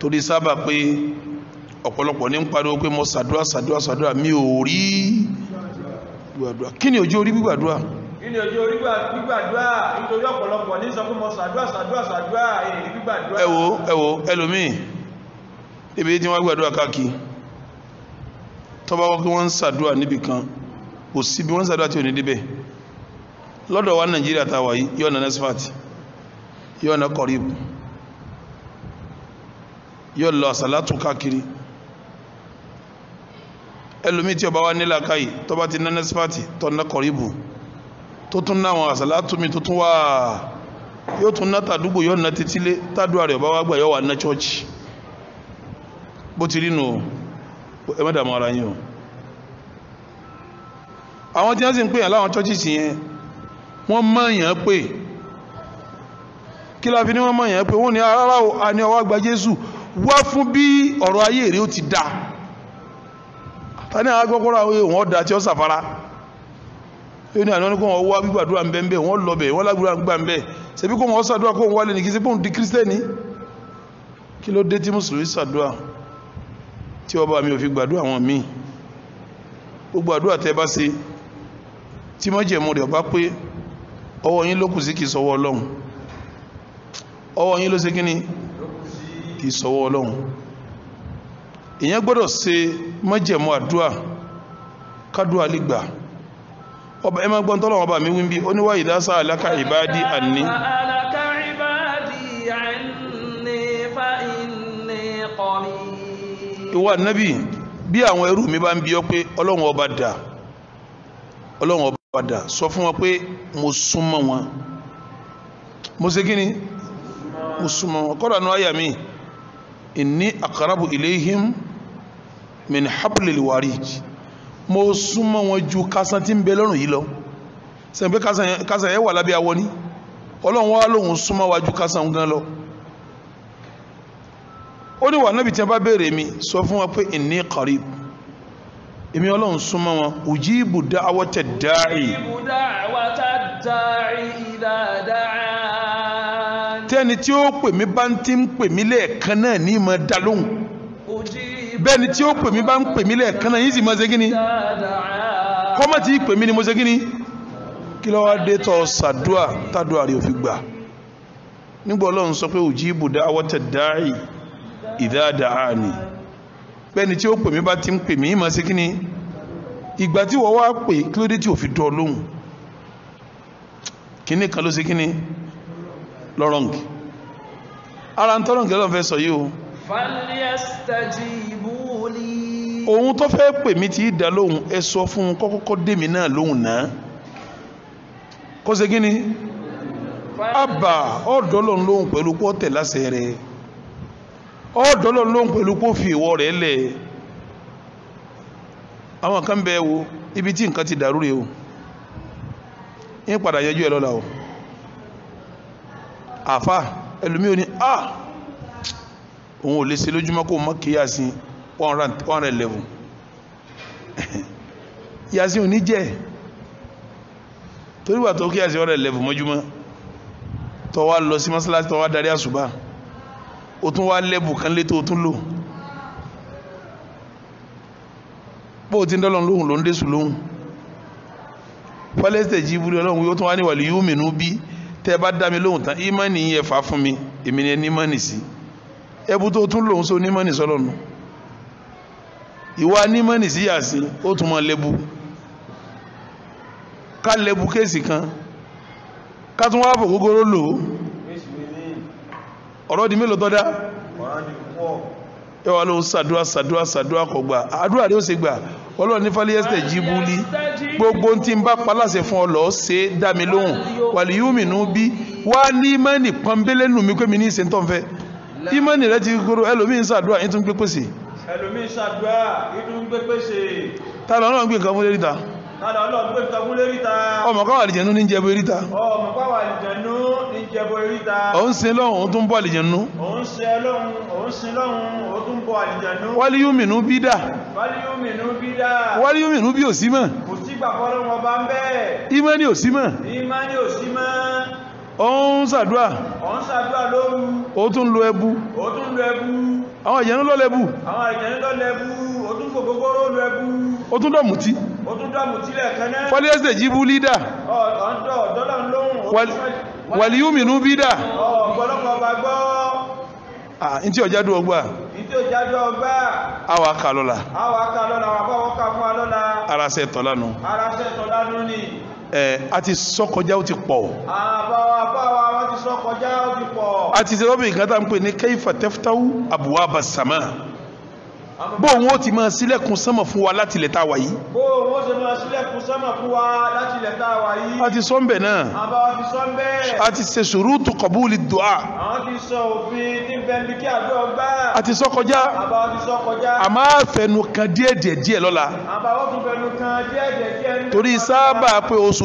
[SPEAKER 1] torí sábà pé ọ̀pọ̀lọpọ̀ ní ń pariwo pé mo ṣàdúrà ṣàdúrà ṣàdúrà mi ò rí gbàdúrà kí ni ojú orí gbígbàdúrà kí ni ojú orí
[SPEAKER 4] gbígbàdúrà nítorí ọ̀pọ̀lọpọ̀ ní sọ pé mo ṣàdúrà ṣàdúrà ṣàdúrà
[SPEAKER 1] ẹlòmíì ibi tí wọ́n gbàdúrà káàkiri tọ́ba wọ́n kí wọ́n ń ṣàdúrà níbì kan kò sí bí wọ́n ń ṣàdúrà tí ò ní débẹ̀ lọ́dọ̀ wa Nàìjíríà ta wà yìí yọ̀ọ̀nà nesfat yọ̀ọ̀nà kọ̀rìbù yọ̀ọ̀ lọ káàkiri ẹlòmíì tí ọba wa nílà káyì tọ́ba ti ná nẹ́sípàtì tọ́ná kọ̀ríbù tó tún ná àwọn àsàlátùmí tó tún wà yóò tún ná tàdúgbò yóò ná titílé tádùá rẹ̀ ọba wa gbà yóò wà ná chọ́ọ̀chì bó ti rí nù ẹ má dààmú ara yín o àwọn tí wọ́n sì ń pè yàn láwọn chọ́ọ̀chì sì yẹn wọ́n mọ̀ yàn pé kí la fi ní wọ́n mọ̀ pé wọ́n ní aráwọ̀ àní ọwọ́ àgbà Jésù wá fún bí ọ̀rọ̀ ayé rẹ̀ ó ti dáa ta ní agbọ́kọ́rọ́ àwọn èèyàn wọ́n da tí ó sàfara yóò ní àná kó wọ́n wá gbígbàdúrà ń bẹ́ ń bẹ́ wọ́n lọ bẹ̀ wọ́n lágbàdúrà gbà ń bẹ́ ṣebí kó wọ́n sàdúrà kó wọ́n wálé ní kí sí pòun di kírísítẹ́nì kí ló dé tí mùsùlùmí sàdúrà tí ọba mi ò fi gbàdúrà wọn míì gbogbo àdúrà tẹ́ bá ṣe tí mọ́jẹ̀mú rẹ̀ bá pé ọwọ́ yín ló kù sí kìí sọwọ́ ọlọ́run ọwọ́ yín ló ṣe kíní kìí sọwọ́ ọlọ́run èyàn gbọ́dọ̀ ṣe májẹ̀mú àdúà kádùá lè gbà ọba ẹ máa gbọ́n tọ́lọ̀ ọba mi wíńbí ó níwá ìdásá aláka ìbáàdí àní ìwà nábì bí àwọn ẹrú mi bá ń bi ọ́ pé ọlọ́run ọba dà ọlọ́run ọba dà sọ fún wọn pé mo súnmọ́ wọn mo ṣe kíni mo súnmọ́ wọn kọ́dà nù àyà mi ìní àkàràbù ilayhim min hablil warij mo súnmọ́ wọn ju kásán tí ń bẹ lọ́rùn yìí lọ sẹ́yìn pé kásán yẹn wà lábẹ́ awọ ní ọlọ́run wá lóhun súnmọ́ wa ju kásán gan lọ ó ní wà nábì tí a bá béèrè mi sọ fún wa pé inni qarib èmi ọlọ́run súnmọ́ wọn ujibu da'wata da'i ujibu da'wata da'i tẹ́ni tí ó pè mí bá ń ti pè mí lẹ́ẹ̀kan náà ní ìmọ̀ dá lóhùn bẹ́ẹ̀ ni tí ó pè mí bá ń pè mí lẹ́ẹ̀kan náà sì mọ́ ṣe kí ni kọ́mọ̀ tí pè mí ni mo ṣe kí ni kí ló wá dé tọ́ sàdúà tádùà rẹ̀ òfin gbà nígbà ọlọ́run sọ pé òjì ibùdá awọ́tẹ̀ dáì ìdáadáa ni bẹ́ẹ̀ ni tí ó pè mí bá ti ń pè mí mọ́ ṣe kí ìgbà tí wọ́n wá pè kí ló dé tí òfin dọ́ lóhùn kíní kan ló ṣe kí ni lọ́rọ̀ǹgì ara ń tọ́rọ̀ǹgì fẹ́ sọ yìí o
[SPEAKER 2] falyastajibu
[SPEAKER 1] li. ohun tó fẹ́ pè mí ti dá lóhùn ẹ sọ fún kọ́kọ́kọ́ dèmi náà lóhùn náà kó ṣe kí ni abba ọ̀dọ́ lọ́n lóhùn pẹ̀lú kó tẹ̀ lásẹ̀ rẹ̀ ọ̀dọ́ lọ́n lóhùn pẹ̀lú kó fi ìwọ rẹ̀ lẹ̀ àwọn kan bẹ́ẹ̀ wo ibi tí nǹkan ti dàrú rèé o ń padà yẹjú ẹ lọ́la o àfa ẹlòmíì ò ní ah òun ò lè ṣe lójúmọ́ kó mọ́ kí yasin one hundred eleven yasin ò ní jẹ́ torí wà tó kí yasin one hundred eleven mọ́júmọ́ tó wá lọ sí mọ́sálásí tó wá darí àṣùbà ó tún wá lẹ́bù kan létò ó tún lò bó ti ń dọ́lọ́ lóhùn ló ń dẹ́sù lóhùn fọ́lẹ́sítẹ̀ jí ibùdó ọlọ́run yóò tún wá ní wàlíyú mìínú bí tẹ́ ẹ bá dá mi lóhùn tán ímánì yẹn fà fún mi èmi ni ẹni ímánì sí i ẹbú tó tún lòun so nímọ̀nì sọ́lọ́nù ìwà nímọ̀nì sí yàsí ó tún mọ́ lẹ́bù ká lẹ́bù kéèsì kan ká tún wá fò gógóró lò ó ọ̀rọ̀ di mélòó tọ́dá ẹwà lóun sàdúrà sàdúrà sàdúrà kò gbà àdúrà rí ó ṣe gbà ọlọ́run ní fàlíyẹ́sítẹ̀ jíbúlí gbogbo tí ń bá paláṣẹ fún ọ lọ́ọ́ ṣe dá mi lóhùn wàlíyúmìnú bí wá ní mẹ́nì pọ́nbélé nù mí pé mi ní ìṣẹ́ntọ́nfẹ́ Imani rẹ ti gbogbo ẹlòmíín ṣàdúrà yín tún gbé pèsè.
[SPEAKER 4] ẹlòmíín ṣàdúrà yín tún gbé pèsè.
[SPEAKER 1] tálọ náà gbé nǹkan fún léríta.
[SPEAKER 4] tálọ náà gbé nǹkan
[SPEAKER 1] fún léríta. ọmọ káwà àlìjẹnú ní jẹbo eríta.
[SPEAKER 4] ọmọ káwà àlìjẹnú ní jẹbo eríta.
[SPEAKER 1] òun sin lọ́hùn òun tún bọ́ àlìjẹnú.
[SPEAKER 4] òun sin lọ́hùn òun sin wálé yóò mìnú bí dà.
[SPEAKER 1] wálé yóò mìnú bí òsímọ̀.
[SPEAKER 4] kò sí òsímọ̀
[SPEAKER 1] ó ń sàdúà ó tún lo ẹbu àwọn ìjẹ̀nú ló lẹ́bù ó tún dọ̀mùtí fọ́lẹ́sẹ̀ jíbú lídà wàlíyùmínú bídà n tí ọjá dúró gbà àwà kà lọ́la àwà kà lọ́la àwà kà fún alọ́la arasẹ̀ tọ́lánú arasẹ̀ tọ́lánú ni a ti sọ́kọjá ó ti pọ̀. àbáwá báwa wọ́n ti sọ́kọjá ó ti pọ̀. a ti sọ́kọjá ó ti pọ̀. a ti sọ́kọjá ó ti pọ̀. a bó òun ó ti máa sílẹ̀kùn sánmà fún wa láti ilẹ̀ wà yìí. bó
[SPEAKER 4] òun ó ti máa sílẹ̀kùn sánmà fún wa láti ilẹ̀
[SPEAKER 1] tá a wà yìí. a ti sọ ń bẹ̀ náà. àbá wa ti sọ ń bẹ̀. a ti ṣe ṣurutu qabuli du'a.
[SPEAKER 4] àwọn ti sọ òfin níbẹ̀ ní kí àdó ọgbà.
[SPEAKER 1] a ti sọ kọjá.
[SPEAKER 4] àbá wa ti sọ kọjá.
[SPEAKER 1] a máa fẹnu kan díẹ̀ díẹ̀ díẹ̀ lọ́la. àbá wa ti fẹnu kan díẹ̀ díẹ̀ díẹ̀. torí sábà pé oṣù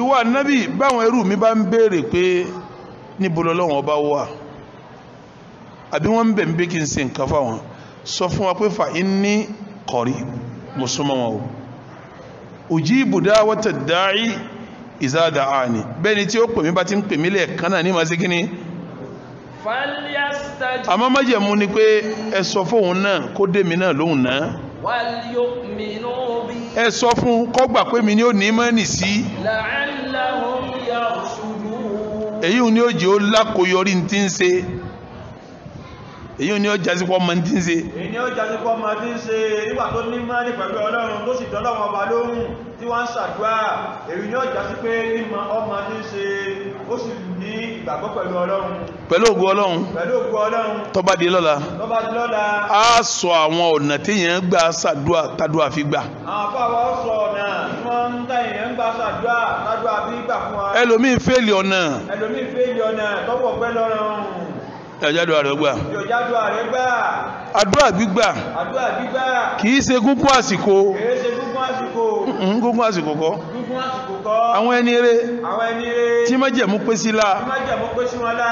[SPEAKER 1] ìwọ ànábì báwọn ẹrú mi bá ń béèrè pé níbo lọ́lọ́wọ́n ọba wà àbí wọ́n ń bẹ̀ ń bẹ́ kí n ṣe nǹkan fáwọn sọ fún wa pé fa inni qarib mo súnmọ́ wọn o ujibu da'wata da'i iza da'ani bẹ́ẹ̀ ni tí ó pè mí bá ti ń pè mí lẹ́ẹ̀kan náà ní màá sí kínní àmọ́ májẹ̀mú ni pé ẹ sọ fóun náà kó dé mi náà lóhùn náà ẹ sọ fún kó gbà pé mi ni ó ní mọ́nì sí èyí ni ó jẹ́ ó lákòóyọrí ti ń ṣe èyí ni ó jásí pọ́ ma ti ń ṣe
[SPEAKER 4] èyí ó jásí pọ́ ma ti ń ṣe nígbà tó ní mọ́nì pẹ̀lú ọlọ́run tó sì dọ́lọ́wọ́n ọba lóhùn tí wọ́n ń ṣàdúrà èyí ó jásí pé mímọ ọmọ ti ń ṣe ó sì ní ìgbàgbọ́ pẹ̀lú ọlọ́run
[SPEAKER 1] pẹ̀lú ògùn ọlọ́run
[SPEAKER 4] pẹ̀lú ògùn ọlọ́run
[SPEAKER 1] tó bá di lọ́la tó bá di lọ́la á sọ àwọn ọ̀nà téèyàn gbà sàdúà tàdúà fi gbà. àwọn àpá wa ó sọ ọ̀nà tí wọ́n ń tẹ̀yìn ń gbà sàdúà tàdúà fi gbà fún wa. ẹlòmíín fẹ́ẹ̀lì ọ̀nà
[SPEAKER 4] ẹlòmíín fẹ́ẹ̀lì ọ̀nà tọ́pọ̀ pẹ́ lọ́rùn ìjádùn ààrẹ gbà
[SPEAKER 1] àdúrà gbígbà kì í ṣe gúngún àsìkò mm-hmm, gúngún àsìkò kọ́ àwọn ẹni eré tí má jẹ̀mú pé sí la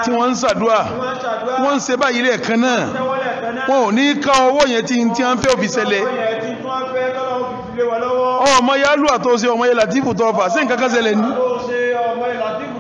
[SPEAKER 1] tí wọ́n ń ṣàdúà wọ́n ń ṣe báyìí lẹ́ẹ̀kan náà wọn ò ní ká ọwọ́ yẹn tí tí wọ́n fẹ́ òfi ṣẹlẹ̀ ọmọ yálù àtọ́sí ọmọ yẹn látìfù tọ́fà sí nǹkan kan ṣẹlẹ̀ ní.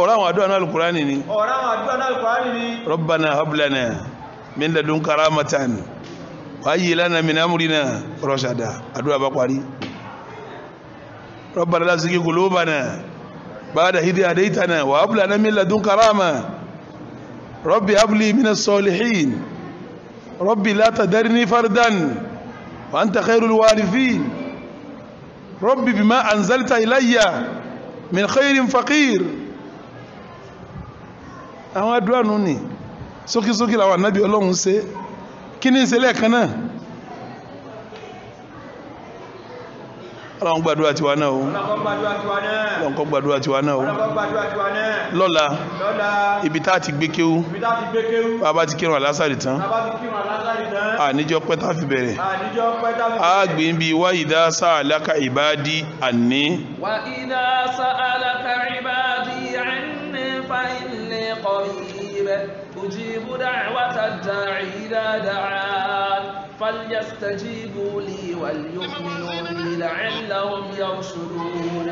[SPEAKER 1] ọ̀rọ̀ àwọn àdúrà náà Al-Qur'ani ni ọ̀rọ̀ àwọn àdúrà náà Al-Qur'ani ni Rabbana hab lana min ladunka rahmatan wa hayyi lana min amrina rashada àdúrà bá parí Rabbana la tuzigh qulubana ba'da idh hadaytana wa hab lana min ladunka rahma Rabbi hab li min as-salihin Rabbi la tadarni fardan wa anta khairul warithin Rabbi bima anzalta ilayya min khairin faqir àwọn àdúrà nù ní sókísókí làwọn ànábì ọlọ́run ṣe kí ní ìṣẹ̀lẹ̀ kan náà ọlọ́run gbàdúrà tiwa náà o ọlọ́run kọ́ gbàdúrà tiwa náà o lọ́la ibi tá a ti gbé kéwú
[SPEAKER 4] bá a bá ti kírun àlásàrì tán
[SPEAKER 1] àníjọ pẹ́ fi bẹ̀rẹ̀ a gbé ń bi wá ìdá sàlákà ìbádí àní.
[SPEAKER 2] wà ìdá sàlákà ìbádí àní fa ìlú. قريب أجيب دعوة الداعي إذا دعان فليستجيبوا لي وليؤمنوا بي لعلهم يرشدون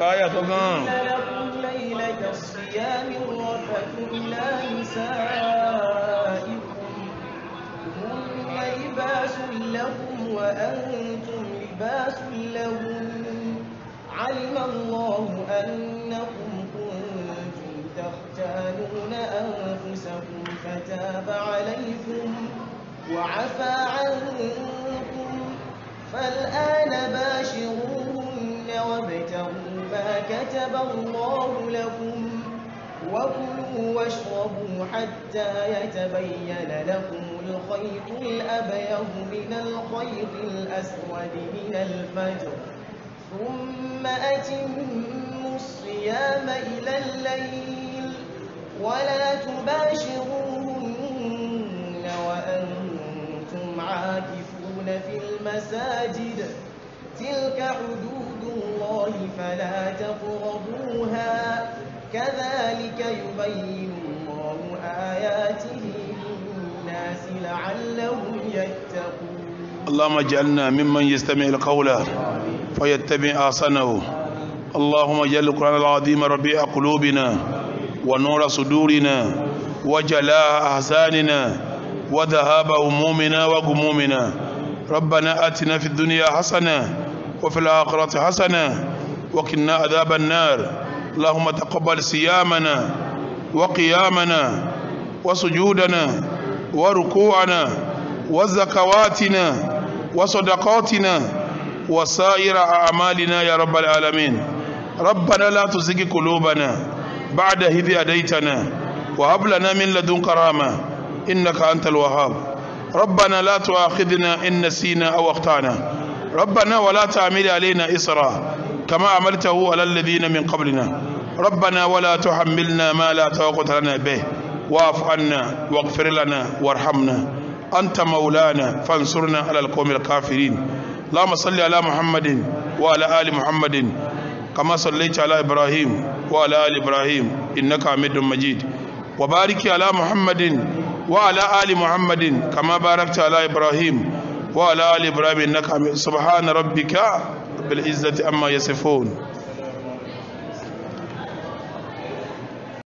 [SPEAKER 1] آية تمام نعم.
[SPEAKER 2] لكم ليلة الصيام الرفث
[SPEAKER 3] إلى نسائكم هم لباس لكم وأنتم لباس لهم علم الله أنكم تختالون أنفسكم فتاب عليكم وعفى عنكم فالآن باشروهن وابتغوا ما كتب الله لكم وكلوا واشربوا حتى يتبين لكم الخيط الأبيض من الخيط الأسود من الفجر ثم أتموا الصيام إلى الليل ولا تباشروهن وأنتم عاكفون في المساجد تلك حدود الله فلا تقربوها كذلك يبين الله آياته للناس لعلهم يتقون
[SPEAKER 1] اللهم اجعلنا ممن يستمع القول فيتبع احسنه اللهم اجعل القران العظيم ربيع قلوبنا ونور صدورنا وجلاء أحزاننا وذهاب همومنا وغمومنا ربنا آتنا في الدنيا حسنة وفي الآخرة حسنة وقنا عذاب النار اللهم تقبل صيامنا وقيامنا وسجودنا وركوعنا وزكواتنا وصدقاتنا وسائر أعمالنا يا رب العالمين ربنا لا تزغ قلوبنا بعد إذ هديتنا وهب لنا من لدنك رحمة إنك أنت الوهاب ربنا لا تؤاخذنا إن نسينا أو أخطأنا ربنا ولا تعمل علينا إسرا كما عملته على الذين من قبلنا ربنا ولا تحملنا ما لا طاقة لنا به واعف عنا واغفر لنا وارحمنا أنت مولانا فانصرنا على القوم الكافرين اللهم صل على محمد وعلى آل محمد كما صليت على إبراهيم وعلى آل إبراهيم إنك حميد مجيد وبارك على محمد وعلى آل محمد كما باركت على إبراهيم وعلى آل إبراهيم إنك حميد سبحان ربك بالعزة أما يصفون